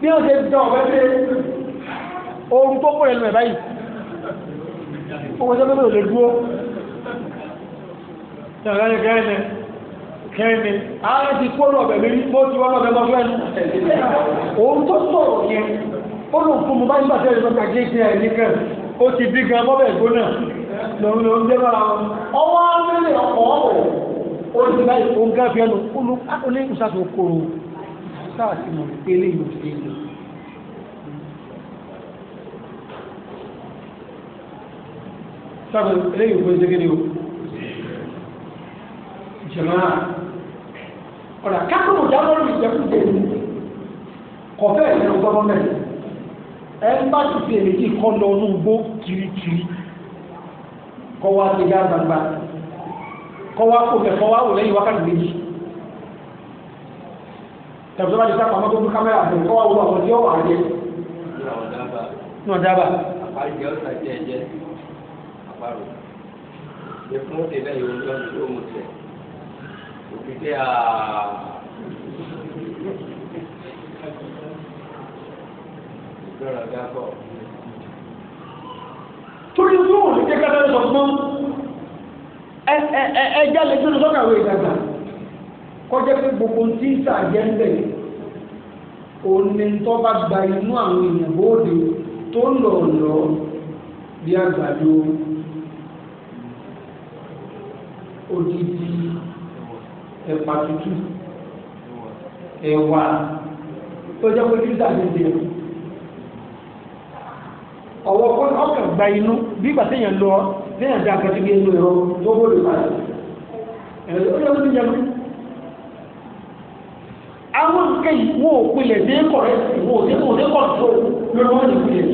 bí ó ṣe jọ ọ̀fẹ́ pé oorun tó kó ẹnu ẹ̀ báyìí owó sọ́kẹ́ tó lè dúró ṣàlàyé ní kẹ́rin kẹ́rin ààrẹ ti kó lọ́ọ̀bẹ̀ mi rí mo ti wọ́n lọ́ọ̀bẹ̀ mọ́ fẹ́ẹ́ oorun tó sọ̀rọ̀ yẹn ó lò fún mo bá nígbà tẹ́lẹ̀ nígbà tàgé ìṣe ẹ̀ nìkan ó ti bí gan mọ́bẹ̀ gbóná lòun lòun jẹ́ bá ọwọ́ á mẹ́lẹ̀ ọkọ̀ ọ̀rọ̀ ó ti báyìí ó ń gá fi ẹnu ó ní ìṣàtò kòrò táà sì mọ̀ pé eléyìí ti dé lọ. sábà eléyìí ò gbèsè kéde o jẹ̀mọ́ ọ̀rọ̀ akákòrò jábọ̀ lórí ìjẹkújẹ kọfẹ́ ìlú gọ́ọ̀mẹ̀ntì ẹ̀ ń bá ti fi èrè yìí kọ́ lọ ní ugbó kirikiri kọ́ wá ti dá gbangba kọ́ wá kó fẹ́ kọ́ wá wò lẹ́yìn wákàtí méjì tàbí sọ́wọ́n ti sá pamọ́ tó dún kámẹ́rà fún kọ́ àwọn àwọn tí ó wà jẹ́. ní ọ̀dà bá. àpájẹ ọ̀sà jẹ́ ẹ̀jẹ̀ àparò ní fún òde bẹ́ẹ̀ yóò lọ sí òun tẹ̀ òbí tẹ́ à. torí tí wọn ò ní kékeré sọ fún ẹ ẹ ẹ ẹ jáde tó lọ sọ́kàwé ìdàgbà kọjá pé gbogbo ti ń sàjẹ́ ń bẹ̀rẹ̀. onítọ́ bá gba inú àwọn èèyàn bóde tó lọ bí àgbàdo odidi ẹ̀pà tútù ẹ̀wà tó jẹ́ pé júdà lédè ọwọ́ ọkàn gba inú bí ìgbà téèyàn lọ téèyàn dá akẹ́kẹ́ inú ẹ̀rọ tó bóde pàdé tó yẹ kó ké yìí wọ́n ò pilẹ̀ dé kọ̀rẹ́ wọ́n ò dé kò dé kọ̀ tó lórí wọ́n ti pilẹ̀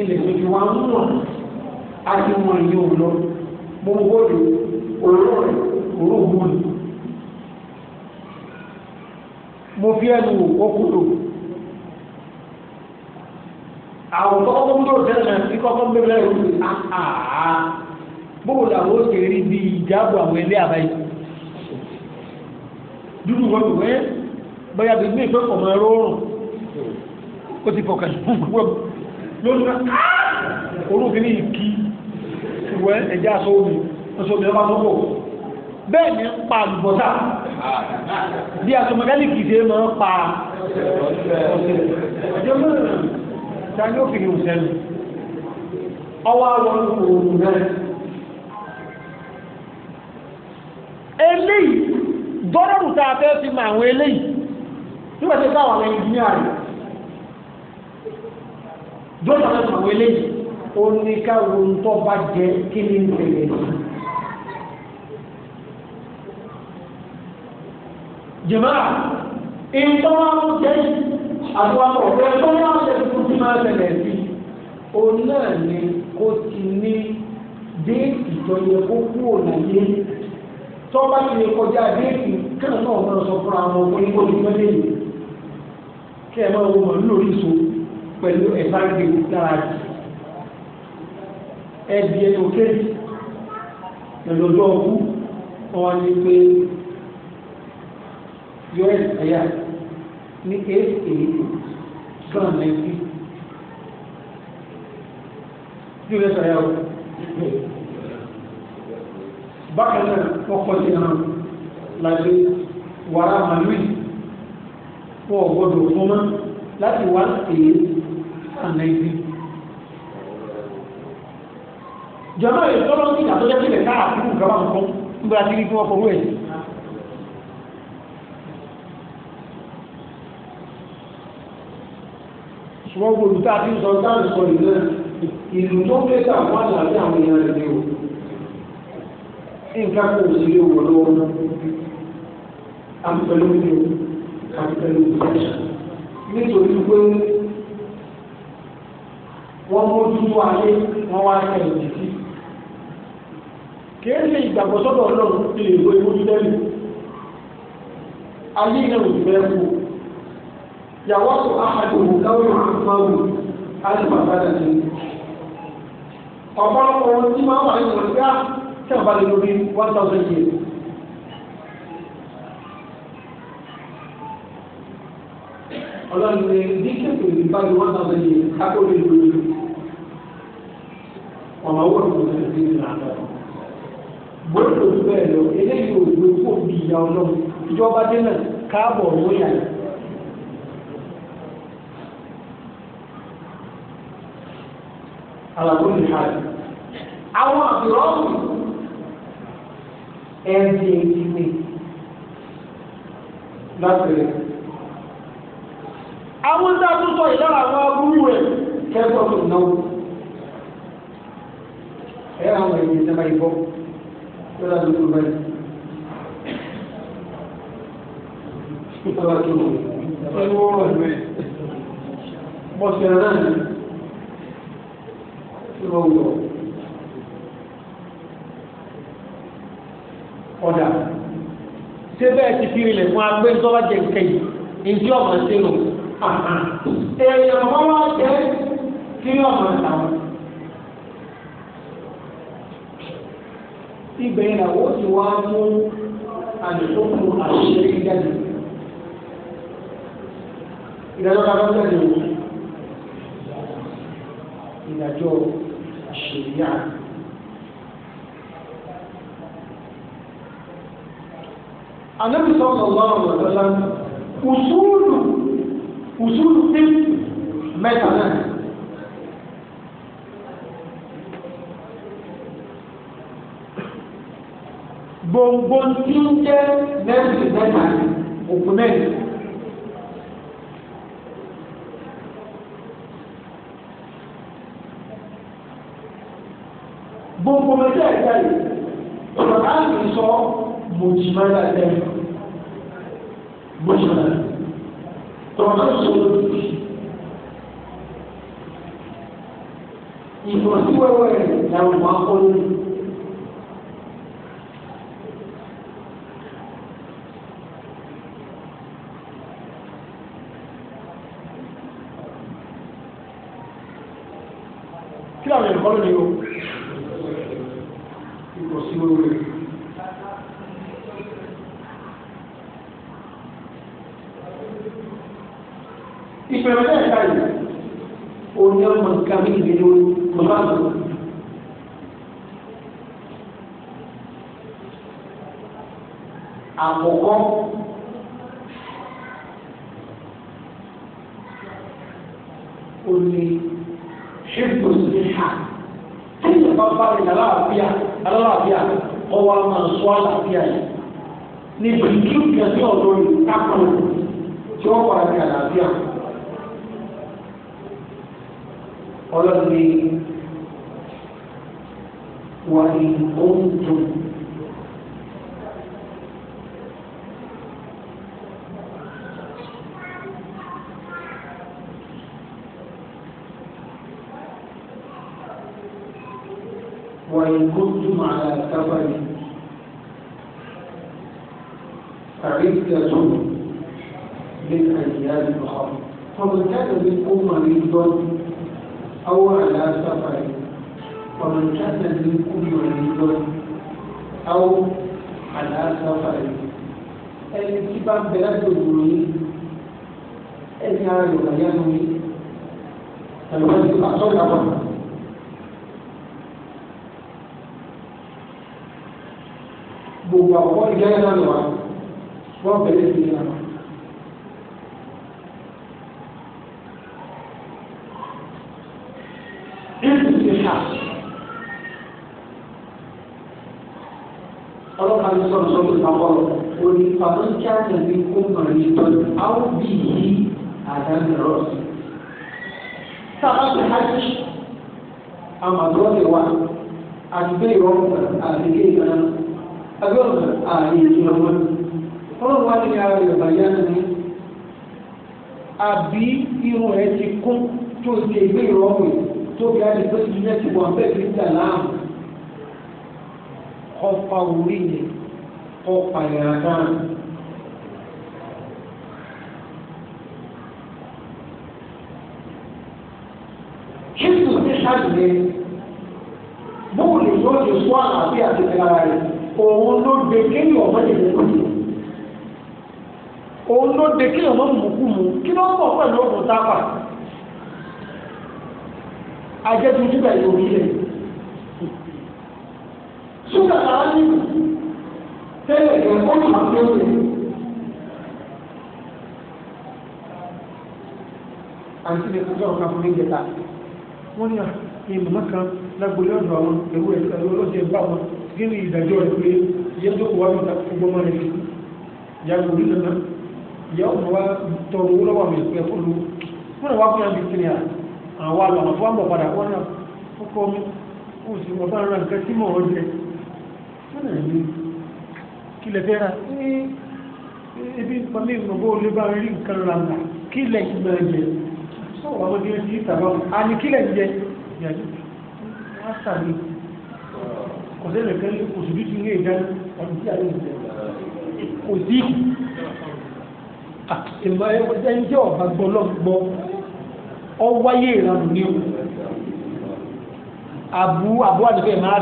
ilẹ̀ tuntun wa ń mọ̀ àti mọ̀ ní òun lọ mo ń wọ́ọ̀dù òróró rẹ̀ òróró mú mi. mo fi ẹnu òkúdò àwọn tó kọ́kọ́ múlò tẹ́lẹ̀ náà tí kọ́kọ́ ń bẹ̀rẹ̀ ìlú àhàhà bóòlù làwọn ó ṣe rí bí ìjábọ̀ àwọn ilé àbáyé dúdú wọn kò wẹ́ bóyá bí ní ìpẹ́kọ̀ mọ̀ ẹ̀rọ oòrùn ó ti fọkàn fún gbogbo lónìí náà ah! orúkú ní ìkí ìwẹ́ ẹ̀já aṣọ omi aṣọ omi ọba mọ́kò bẹ́ẹ̀ ni ń pa àlùbọ́sà bí aṣọ mẹkáníkì ṣe máa ń pa ọ̀sẹ̀ ẹ̀jọ́ mẹ́rin ta ni ó fi hùn sẹ́nu ọwọ́ àwọn olùkòrò náà eléyìí dọ́rọ̀rù tá a fẹ́ fi mọ àwọn eléyìí nígbà tí báwọn àwọn ẹnjìníà rẹ̀ dókítà náà sọ àwọn eléyìí ó ní ká wo ń tọ́ bá jẹ kí ní ìrẹ̀lẹ̀ sí. jẹ̀máà ìtọ́ máa ń jẹ́ àtúwà ọ̀pọ̀ ẹ̀tọ́ máa ń tẹ̀lé fún tí máa tẹ̀lé sí o náà ni kò ti ní déètì tó kó kú òláyé tọ́ bá ti lè kọjá déètì kí náà náà sọ fún àwọn ọmọ ìgbòho ìgbàlejò kí ẹ máa wo mọ̀ lórí ìṣó pẹ̀lú ẹ̀fá gbé lára jù ẹbí ẹnu kéèkì pẹ̀lú ọjọ́ ọkú wọn ni pé us ẹ̀yà ní eight eight grand ninety us ẹ̀yà o bákan náà wọ́n kọ́ sí ẹran láti wàrà màlúù yìí wọ́n gbọ́dọ̀ fún mọ́ láti wá èyí àná ibi. jọ̀mọ́ èyí tọ́lọ́ ní ìjà tó jẹ́ sílẹ̀ káà fún ìjọba nǹkan nígbà tí kí wọ́n fọwọ́ ẹ̀. ṣùgbọ́n gbogbo tá a ti sọ táwọn sọ ìlú náà ìlú tó ń gbé sàwọn àlàyé àwọn èèyàn rẹ̀ ni o nǹkan kò sí ewu lọ́wọ́ àti pẹ̀lú ìlú. capitalization nítorí pé wọ́n mójútó ayé wọ́n wá ẹ̀yìn títí kìí ṣe ìgbàgbọ́ ọlọ́run ti lè lo ìwújú lẹ́nu ayé náà ò fẹ́ kú yàwó sọ àhàdì òun káwọn àfọwù alùpàdà ni ọ̀pọ̀lọpọ̀ ohun tí máa wà tí a lórí one thousand ọlọ́run ní díkìtì ní báyìí wọ́n náà lè kákòrò ìlú ọ̀nà owó ìlú rẹ̀ sí ìlú àná. bóyá òtún bẹ́ẹ̀ lọ eléyìí ò gbé kó bí ìyá ọlọ́run ìjọba dé náà káàbọ̀ owó yà ní. ní hàn àwọn àbúrọ́ọ̀mù ẹ̀ẹ́dì èyí ni láti rẹ̀ àwọn tá a tún sọ ìdára àwọn aburú rẹ̀ kẹ́kọ̀ọ́ tó náwó ẹ̀yà àwọn èyí ní ẹ̀ma ìbọ́ lọ́la tó tó báyìí ìtọ́wà tó wù ẹni wọ́n rọ̀ ìwé bọ́sẹ̀ náà ní ìrọ̀ wù ọ̀dà ṣé bẹ́ẹ̀ ti fi rinlẹ̀ fún agbẹ́ńtọ́ bá jẹ nǹkan ní tí ọmọ ṣe lò èèyàn kan wá jẹ́ kí ọmọ ìtàwọn. ibẹ̀ ìràwọ̀ ti wá mú àdìsókù àṣìṣe ìjáde. ìdájọ́ ká lọ́sẹ̀ lè wò ìdájọ́ àṣìyá. Ànábì sallallahu alaihi wasallam usulu usulu ti mẹ́ta náà. gbogbo tí ń jẹ́ mẹ́rin mẹ́ta òkú mẹ́rin. gbogbo mẹ́ta ẹ̀ka yìí ọ̀rọ̀ á lè sọ mọ̀jìmọ́lá ẹ̀ka yìí 多的兄弟，你说问问那个马洪？كنتم وإن كنتم على سفر فعدة من أيام أخرى فمن كان منكم مريضا أو على سفر ومن كان منكم مريضا أو على سفر ẹni tí bá ń bẹ láti òwúrò yìí ẹni ara yóò wáyé ẹnu yìí ẹlòmíràn ti pàṣọ sọ̀rọ̀ sọ̀rọ̀ ìpapọ̀rọ̀ òní pàtó kí á tẹ̀lé kó mọ̀ràn ìtọ́jú á ó bì yí àdánirọ̀ sí. sábà ti hajj àmàdúrọ̀ lè wà àdìgbé ìrọ̀rùn àdìgbé ìgbàlá abẹ́ọ̀nà ààyè ìjọba ọlọ́run wá ní ara rẹ̀ bàyá ni àbí irun rẹ̀ ti kún tó ti ìgbé ìrọ̀rùn tó bí àdìgbé ìjọba ti wà bẹ́ẹ̀ fi dà láàmú ọ̀pá orí yẹn kó pààyàn kan. Jésù ní ṣáàlùyé bóòlù yóò ti sọ àlàáfíà ti fi ara rẹ̀ òun ló de kéèyàn ọ̀mọ́dé lẹ́kọ̀ọ́ òun ló de kí ọmọ mùkú mu kí ló ń bọ̀ pẹ̀lú ògùn tápà ajẹ́tujú bẹ̀rẹ̀ òbí rẹ̀. lónìí. àti ilé ìtọ́jú ọ̀kan fún mi jẹta wọ́n ní àti màmá kan lágbóyè ọ̀dọ̀ àwọn ẹ̀rú ẹ̀rú ọlọ́jẹ̀ bá wọn kí ni ìdájọ́ rẹ̀ pé yẹ́ tó kó wá lọ́ta gbogbo ọmọ rẹ̀ yàgò orí nana ìyá ọmọ wa tọrọ owó lọ́wọ́ mi pẹ̀ fún lu wọ́n wá fún yàgò kiri àwọn àlọ́ àwọn tó wà ń wọ́n ní àkókò mi kó o sì wọ́n bá ń ra nǹkan tí mò ń jẹ wọ́n náà ní kí lè fẹ́ ra ebi pàmí ìgbòho olébá rí nǹkan ra mọ̀ kí lè gbọ́ ẹ̀jẹ̀ sọ̀rọ̀ àwọn ọdún yẹn tàbí ọ̀hún àní kí lè jẹ ìyàjú wọ́n sàmì kò sẹ́lẹ̀ kan oṣù tó ti ní ìjà ọdún tí a lè jẹ kò sí ìmọ̀ ẹni tí ọ̀bà gbọ́ lọ́gbọ́ ọ wáyé ìranù ní o àbú àbú àdìfẹ́ a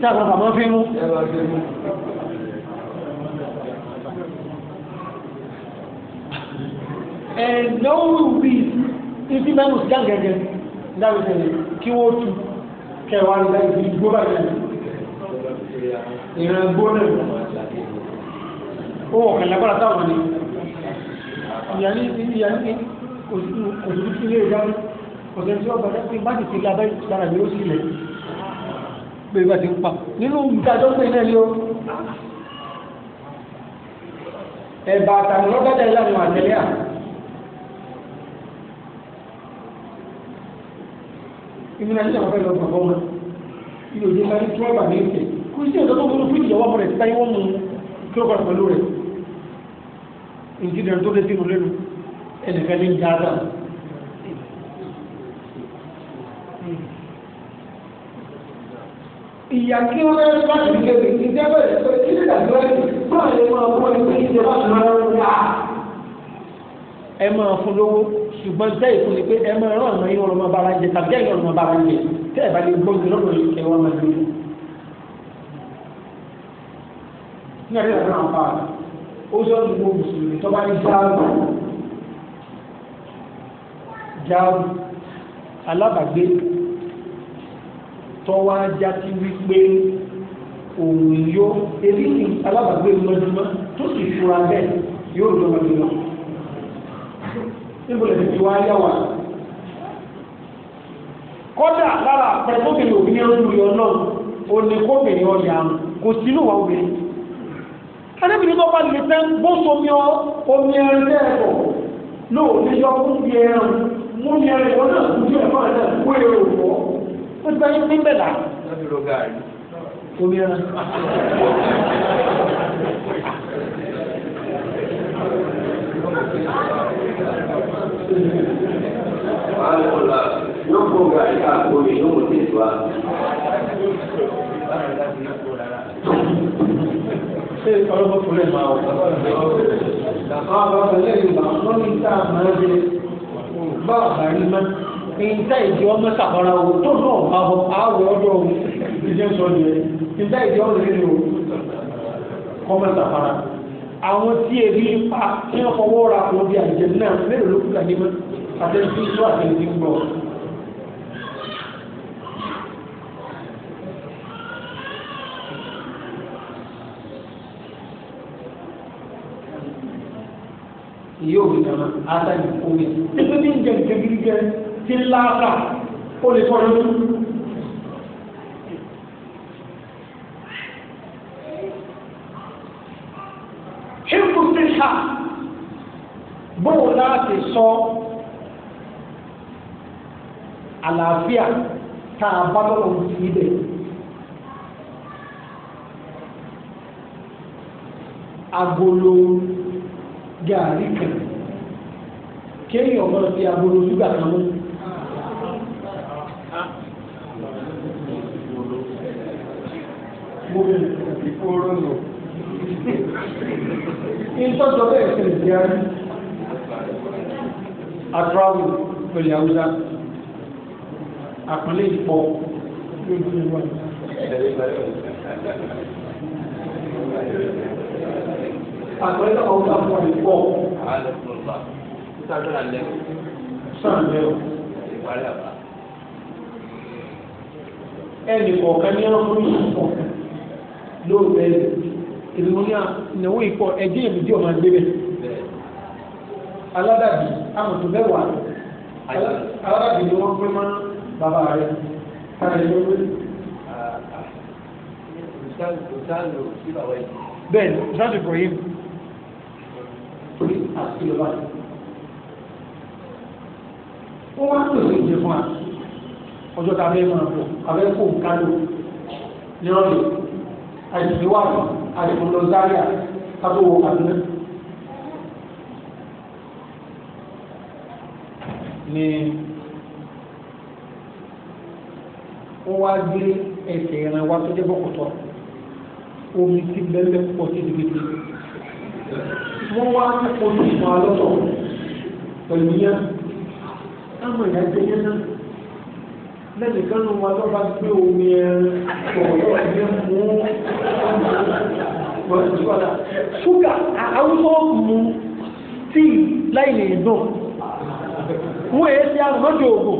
kọ́ ọ̀bà and no will be ibi mẹ́nu sí gàgẹ́gẹ́ dáwẹ́sẹ̀lẹ̀ kí wọ́n tu kẹwàá nígbà ìbí gbó báyìí ìran gbó náà ó wọ̀ kẹlẹ́ bọ́lá táwọn ni ìyàní ìyàní òṣèlú tí ilé ìdáwó òṣèlú tí wọ́n bá dẹ́kun bá ti ti ga báyìí lára ni ó sì lẹ̀ pé bá ti ń pa nínú ìdájọ́ pé náà ni ó ẹ̀bà àtàwọn ọlọ́gbẹ́dẹ́ ìlànà àtẹ̀lẹ́ àná. ìmúra ní àwọn fẹ́ẹ́ lọ bàbá wọn ilé òjò máa ń tún ọgbà ní ìfẹ́ kó sí ọ̀dọ́ tó gbọ́dọ̀ fún ìyàwó rẹ̀ táyé wọ́n mú kílọ̀kọ̀ pẹ̀lú rẹ̀ ìjìnlẹ̀ tó lé sínú lẹ́nu ẹnìkan ní jáda. ìyá kí wọ́n fẹ́ bá ti lè rí ìdíjẹ́ bẹ̀rẹ̀ pé kí nígbà tó ẹ̀ máa lè máa bọ́ ẹ̀ pé ìjọba ti máa fún lówó ṣùgbọ́n jẹ́ ìfún ni pé ẹ máa rán ọ̀nà yín ọlọ́mọ bára jẹ tàbí ẹ̀yìn ọlọ́mọ bára jẹ tẹ́ ẹ̀ bá lè gbọ́ ní lọ́dọ̀ yìí kẹwàá máa lóyún. ní ẹ̀rí ẹ̀rọ náà pààlà ó sọ ní gbogbo mùsùlùmí tó bá ní jáàbù jáàbù alábàgbé tó wá já sí wípé òun yó eléyìí alábàgbé mọ́júmọ́ tó sì fura bẹ́ẹ̀ yóò lọ́mọdé náà níbo lè fi wá yá wa. kọ́dà lára pẹ̀lúkìnrin òbí ní ọdún rí ọlọ́ o ní kóbìnrin ọ̀yà kò sínú wa obìnrin. anábìnrin tó bá lè fẹ́ bó somi omi ẹrin lẹ́ẹ̀kọ́ lóò ní yọ fún ti ẹran mú ní ẹrin wọn náà kú sí ẹ̀fọ́ ẹ̀dá kó èrò wọ́ ó ti bá yín níbẹ̀ là. omi ẹran. wàhálà yóò kó gàrí àpò mi yóò mú sí ìtura. ṣé ọlọ́pàá kò lè máa wọ. Àwọn àbáfẹ́ lẹ́yìn ìgbà wọ́n ní tá máa ṣe bá àbárí mọ́. Nta ìjọ ọmọ sàkọ́ra wo tó náà bọ̀ àwọ̀ ọdọ̀ ìjẹun sọ̀rọ̀ yẹn. Nta ìjọ ọmọ lẹ́yìn o kọ́mọ sàkọ́ra àwọn tí ebi pa tí wọ́n fọwọ́ ra kò di àjẹ náà mélòó ló kúta ní mọ́ àtẹnudí tó àtẹnudí ń bọ̀. yóò fi dama ata ní omi ń jẹ nǹkan gírígẹ́ tí láàkà ó lè fọ́ lójú. sọ àlàáfíà tá a bá lọ́wọ́ sí ibẹ̀. agolo gàrí kan kéèyàn ọmọ ti agolo ṣúgà kan mú. ìfòrònù. ìtọ́jọ́ bẹ́ẹ̀ ṣe lè di arí atúráwù lórí haúsá àpọ́nlé ìpọ̀ lójú wa. àpọ́nlé haúsá pọ̀ ìpọ̀. sàǹdẹ̀ o. ẹnì kọ̀ọ̀kan ní ọ̀hún ìpọ̀ lóòótọ́ ẹ̀ ìdùnnú ní ìnáwó ìpọ̀ ẹ̀jẹ̀ ìbùdí ọ̀mà gbé bẹ́ẹ̀ aládàbí amòtò mẹ́wàá alábìnrin wọn pé mọ́ bàbá rẹ̀ káyọ̀ ló wé. bẹ́ẹ̀ ni ṣáàtì kò yí. wọ́n wá ń pèsè ìjẹ fún wa ọjọ́ ta fẹ́ máa bọ̀ abẹ́ kó nǹkan lò ní ọ̀rẹ́ àìsàn ìwà àìsàn lọ sáré àtàwọn àdúrà. ni wọ́n wá gbé ẹsẹ̀ ìran wa tó jẹ́ bọ́kọ̀tọ̀ omi ti bẹ́ẹ̀ pọ̀ sí ibi tí wọ́n wá kókó ní ìmọ̀ alọ́tọ̀ pẹ̀lú yẹn táwọn ìyá jẹ́ yẹn náà lẹ́yìn kan wọn tó bá gbé omi ẹ̀rọ ọ̀rọ̀ ẹ̀yẹ mú ṣúgà àwùjọ mú tíì láì lè dùn wọ́n èé ṣe àrùn mọ́jọ ògùn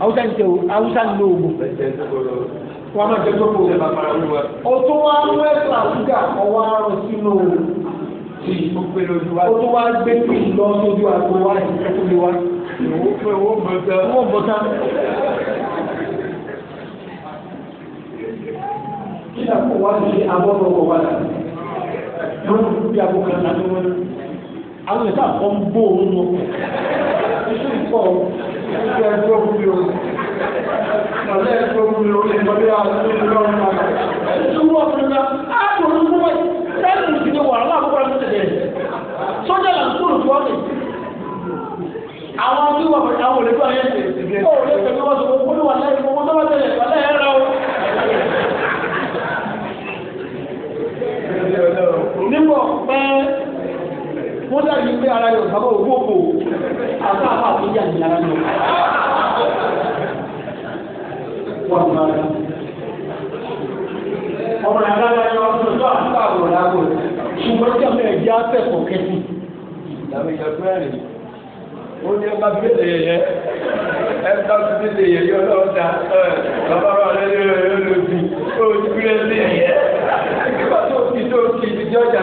haúsá ń tẹ̀wò haúsá ń lo ògùn. wọ́n máa jẹ́ tó kó o tó wá mú ẹ̀sùn àbúgà ọwọ́ àrùn sínú o tó wá gbé pì lọ sójú àgbo wa ìfẹ́kúlé wa. wọ́n bọ̀ tán. kí ni àpò wa ṣe abọ́dọ̀ wọ̀ wá láti bí abọ́ kan láti wọ́n. àwọn ìta kan bó òun mọ́ ìṣú ìpọ̀ ìṣẹ́ ẹgbẹ́ òkúri o ọ̀lẹ́ ẹgbẹ́ òkúri o ìmọ̀lẹ́ àwọn olùdókòwò máa ẹ̀sùn wọ́n fún mi ààbò olùkọ́ wáyé ẹ̀sùn ti ní wàhálà àkókò tẹ̀lé sọ́jà là ń kúrò fún ọ́nì àwọn tí àwọn olùkọ́ ó dàbí pé ara yóò sábà òwú òkò àbá àbá àti ìyá ìyá ara yóò. wọ́n ya ara ọmọ yàrá tó àbúrò lágbo ṣùgbọ́n tí a fẹ́ jẹ́ kẹ́sì. ó ní ẹgbà ẹgbà ta bàbá wa ó ní tó ti tó ti ìdíjọ́ ìjà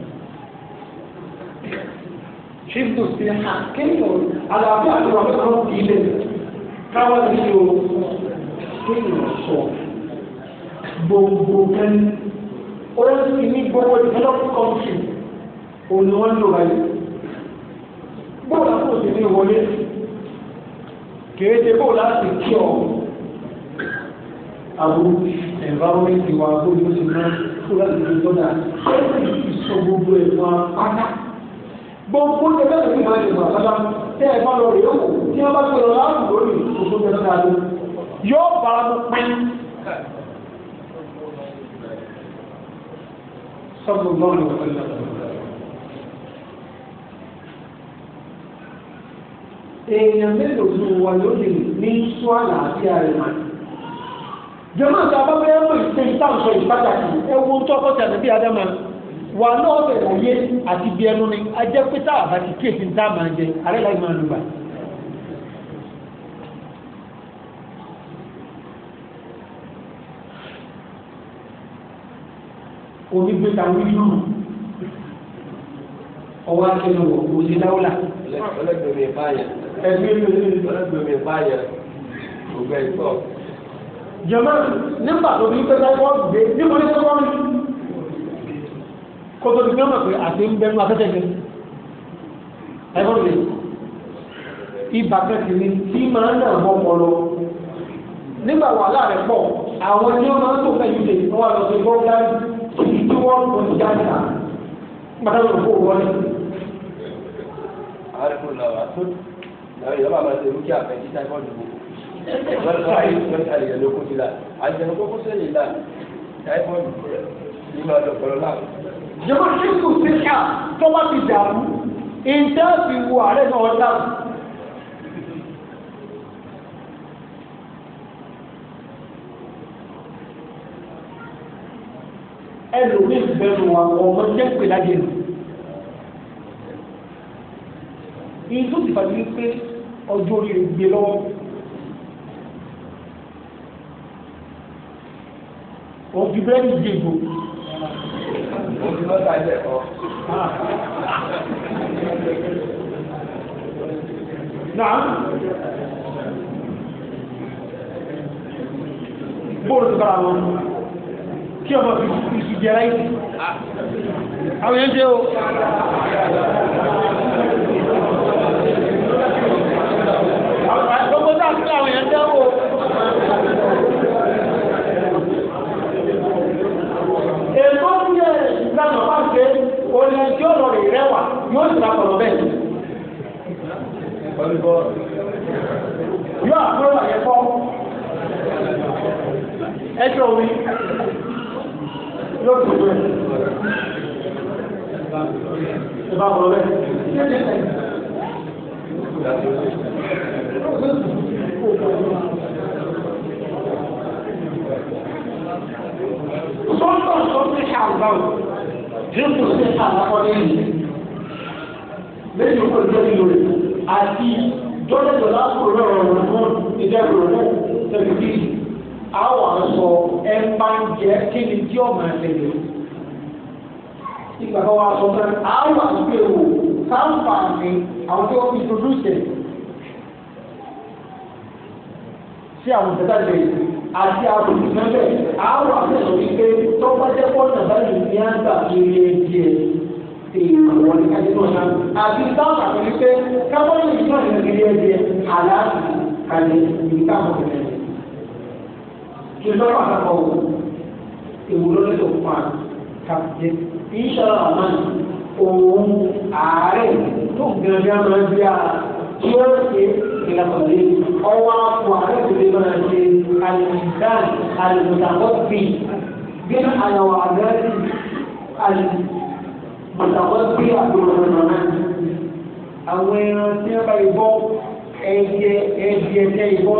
ṣíbù sí ha kéèyàn àlàáfíà tó wà lọ́kàn sí ilé káwá ní o kéèyàn sọ gbogbo kan ó sì ní gbogbo developed country òun ni wọ́n lò báyìí bóòlù àpò sí ní ìwọlé kéréje bóòlù àti kí ọ àwọn environment wa bóòlù ó sì máa kúrò láti fi tọ́jà ó sì bom tẹ que sì máa ṣe bàbá tẹ ẹ bá lọ rè é wò tí wọ́n bá gbé lọ láàbù lórí gbogbo tẹ bá lọ yóò bára mu pín. sọ́dọ̀ lọ́wọ́ ni wọ́n lọ. èèyàn mélòó ni wà lóde ní sọ àlàáfíà rẹ̀ máa jọmọ́ àti abábẹ́ ẹ̀rọ ìṣe ìtàǹsọ̀ ìpàtàkì ẹ̀wọ̀n tó ọkọ̀ tẹ̀lé bí adama. wà náà bẹ̀rẹ̀ òye àti ibi ẹnu ni ajẹ́ pé tá àbá ti kéèsì ní táàmà jẹ alẹ́ láì máa lùgbà. omi gbé ta wí lùrù ọwọ́ akẹ́lẹ́ wọ̀ kò sí dáwọ́là. ọlọ́gbẹ̀mí ìpáyà. ẹgbẹ́ ọlọ́gbẹ̀mí ìpáyà ògbẹ́ ìpọ̀. jọ̀mọ́ nígbà tó ní pẹ́ sáyẹ́ wọ́n gbé nígbà tó ní pẹ́ sáyẹ́ wọ́n gbé kótó ti gbẹ́mọ̀ pé àti ń bẹnu afẹ́fẹ́ gẹ ẹgbọ́n mi ibà kẹ́kì ni tí máa ń dàn bọ́ pọ̀ lọ nígbà wàhálà rẹ̀ pọ̀ àwọn tí ó máa ń tó fẹ́ yìí lè wọ́n lọ sí bọ́ gáì tí wọ́n kò ní jáde náà pátá ló kó wọlé. àwọn ìfowópamọ́ náà wà tó ìyàwó àmọ́ ṣe la àjẹnukókó sẹ́yìn la táìpọ́ọ̀dù ní ma dọ̀kọ̀rọ̀ jẹ́kọ̀ ṣíkù síkà tó bá ti dàrú ìjẹ́ fi wo ààrẹ náà dàrú. ẹlòmíì bẹ̀rù àwọn ọmọ jẹ́ pé lájẹ̀ nù. èyí ti fàdí pé ọjọ́ orí rẹ̀ gbé lọ́wọ́. òun fi bẹ́ẹ̀ ní ìdìbò ti lọ́ta jẹ̀ kọ́. Náà bóòlù tó bára wọn kí ọmọ fi iṣu jẹ láyé àwọn yẹn ṣe o. Àwọn ọmọ náà ti ní àwọn yẹn. yóò sì máa sọ̀rọ̀ bẹ́ẹ̀ yóò àbúrò àyẹ̀ fọ́ ẹjọ́ orí yóò tó bẹ́ẹ̀ ìbá sọ̀rọ̀ bẹ́ẹ̀. sọ́tọ̀ sọ́tọ̀ ṣàgbọ́n yóò tó ṣe àlàkọ́ lẹ́yìn lẹ́yìn òkú ìjọ ìlú rẹ̀ àti jọ́lẹ̀jọ́ lásìkò náà rọrùn fún ìdẹ́kùrọ̀ fún tẹ̀lifí àwọn àṣọ ẹ̀ńpá ń jẹ́ kíni tí ọ̀mà tẹ̀lé ìgbà kan wà sọ pé àwọn àṣìkò èwò sáǹfààní àwọn tí wọ́n fi introduce sí àwọn ìjọba ìgbẹ̀yìn àti àwọn ìgbẹ̀yìn àwọn àṣẹ̀sọ̀ wípé tọ́pọ̀ jẹ́ pọ́ńtà báyìí ní àgbà kiri ẹ̀ díẹ̀ ti àwọn oníkájú náà náà àti táwọn àpẹẹrẹ pé kábọ́ọ̀lù yìí náà ní ilé ẹgbẹ́ aláàbò kalẹ̀ ìgbà àkọsílẹ̀ kí lọ́rọ̀ àkọ́kọ́ wò ìwúlò lọ́dọ̀ fún wa kàpẹ́ ìṣọ̀rọ̀ àmọ́ òun ààrẹ tó gàngan máa ń bí a tí ó ṣe ìlàkọ̀lé ọwọ́ àpò ààrẹ tó lè máa ṣe àlùmíkàn àlùmíkàn bí bí àwọn àgbẹ̀rẹ̀ àlùmíkàn mọ̀tàwọ́ sí àgbọ̀nrànà àwọn ẹran tí wọ́n bá ibọ́ ẹyẹ ẹyẹ tẹ ibọ́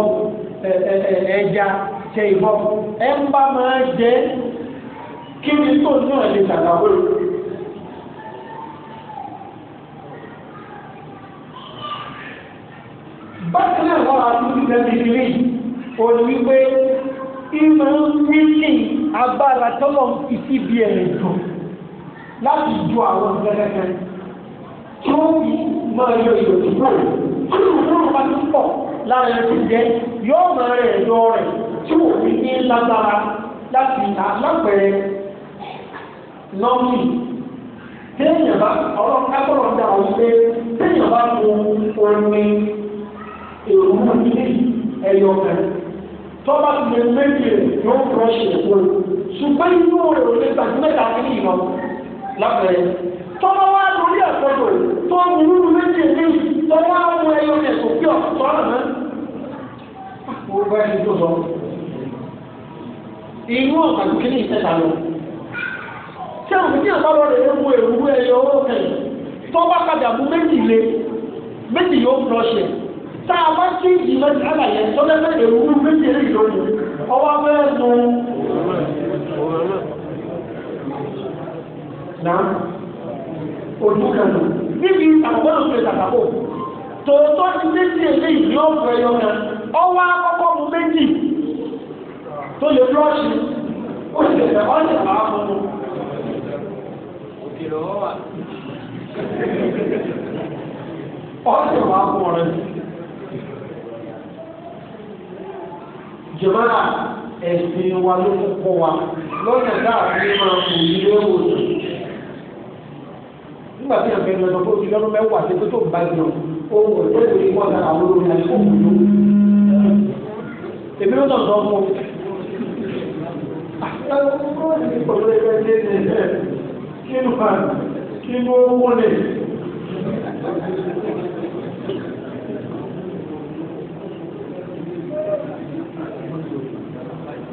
ẹja tẹ ibọ́ ẹ ń bá máa jẹ kí ni tó náà lè ṣàlàwé. bákan náà wọ́n á tún ti tẹ́lẹ̀ ìdílé yìí òun wípé ìmọ̀ ń nílì agbára tọ́lọ̀ ń fi ẹ̀rẹ̀ dùn láti ju àwọn gẹ́gẹ́gẹ́ tí ó yí máa yọ ìdòtìbò tí òwúrò bá ti pọ̀ lára ẹni jẹ́ yóò máa rẹ̀ yọ rẹ̀ tí ò ní lágbára láti lápẹ̀rẹ̀ nọ́ọ̀mì téèyàn bá ọ̀rọ̀ kápọ̀rọ̀ dà ó pé téèyàn bá mu omi èrú ní ẹ̀yọ̀ kan tọ́ba ti lè méjì rẹ̀ yóò rọ̀ṣẹ̀ fún un ṣùgbọ́n inú rẹ̀ ò lè gbàgbé mẹ́ta ní ìlọ́wọ́ lápẹ̀rẹ̀ tọ́wọ́ wá lórí àkọ́jọ tó ń mú un méjì ní tọ́wọ́ àwọn ẹyọ ẹ̀sùn kí ọ̀tọ́ àná. wọ́n bá yẹn tó sọ. inú ọ̀gá kìíní ìtẹ́ta lọ. tí àwọn ìdí àbálọ̀ rẹ̀ mú èrú ẹyọ ọ̀kẹ́ tọ́wọ́ padà mú méjì lé méjì yóò flọ́ṣẹ̀ tá a bá tí ìdìbò ti àlàyé tọ́lẹ́fẹ́ èrú méjì lé ìlú ọwọ́ abẹ́rẹ́ nù náà ojú kan nù níbi àkọ́kọ́ ló ń pè tàkàkò tòótọ́ ti méjì eléyìí ní ọ̀pọ̀ ẹyọ kan ọwọ́ akọ́kọ́ mu méjì tó lè blọ́ọ̀ṣì ó sì lè fẹ́ ọ́ lè fà á fún un. òkè lọ́wọ́ wà ọ̀sẹ̀ wà fún ọ̀rẹ́ jọmọ́ra ẹ̀sìn wa ló kọ́ wa lọ́sẹ̀ dáa fi máa fò ilé wòsàn nígbà tí yàn fẹ́ẹ́ lọ́dọ̀ fún ìlọ́dún mẹ́wàá ṣe tó tó bá yàn ohun ọ̀dọ́ ìwé wọn náà àwọn olórí àyẹ̀wò òkúlù. èmi ló dàn sọ fún un. Ah, kí ló fà kí ló wọlé.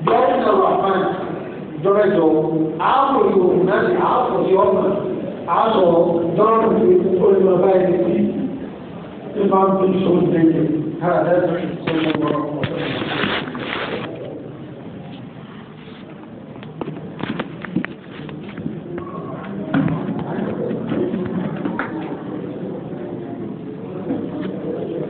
jọ́rọ̀ ìjọba àpáyà jọ́rọ̀ ìjọba àpòyò náà àpòyò ọ̀nà àásọ̀ dọ́rọ̀ ní olùmọ̀ báyìí tí tí máa ń fi ṣòwò jẹjẹ káàdá ìṣòwò ọ̀rọ̀ ọ̀sán.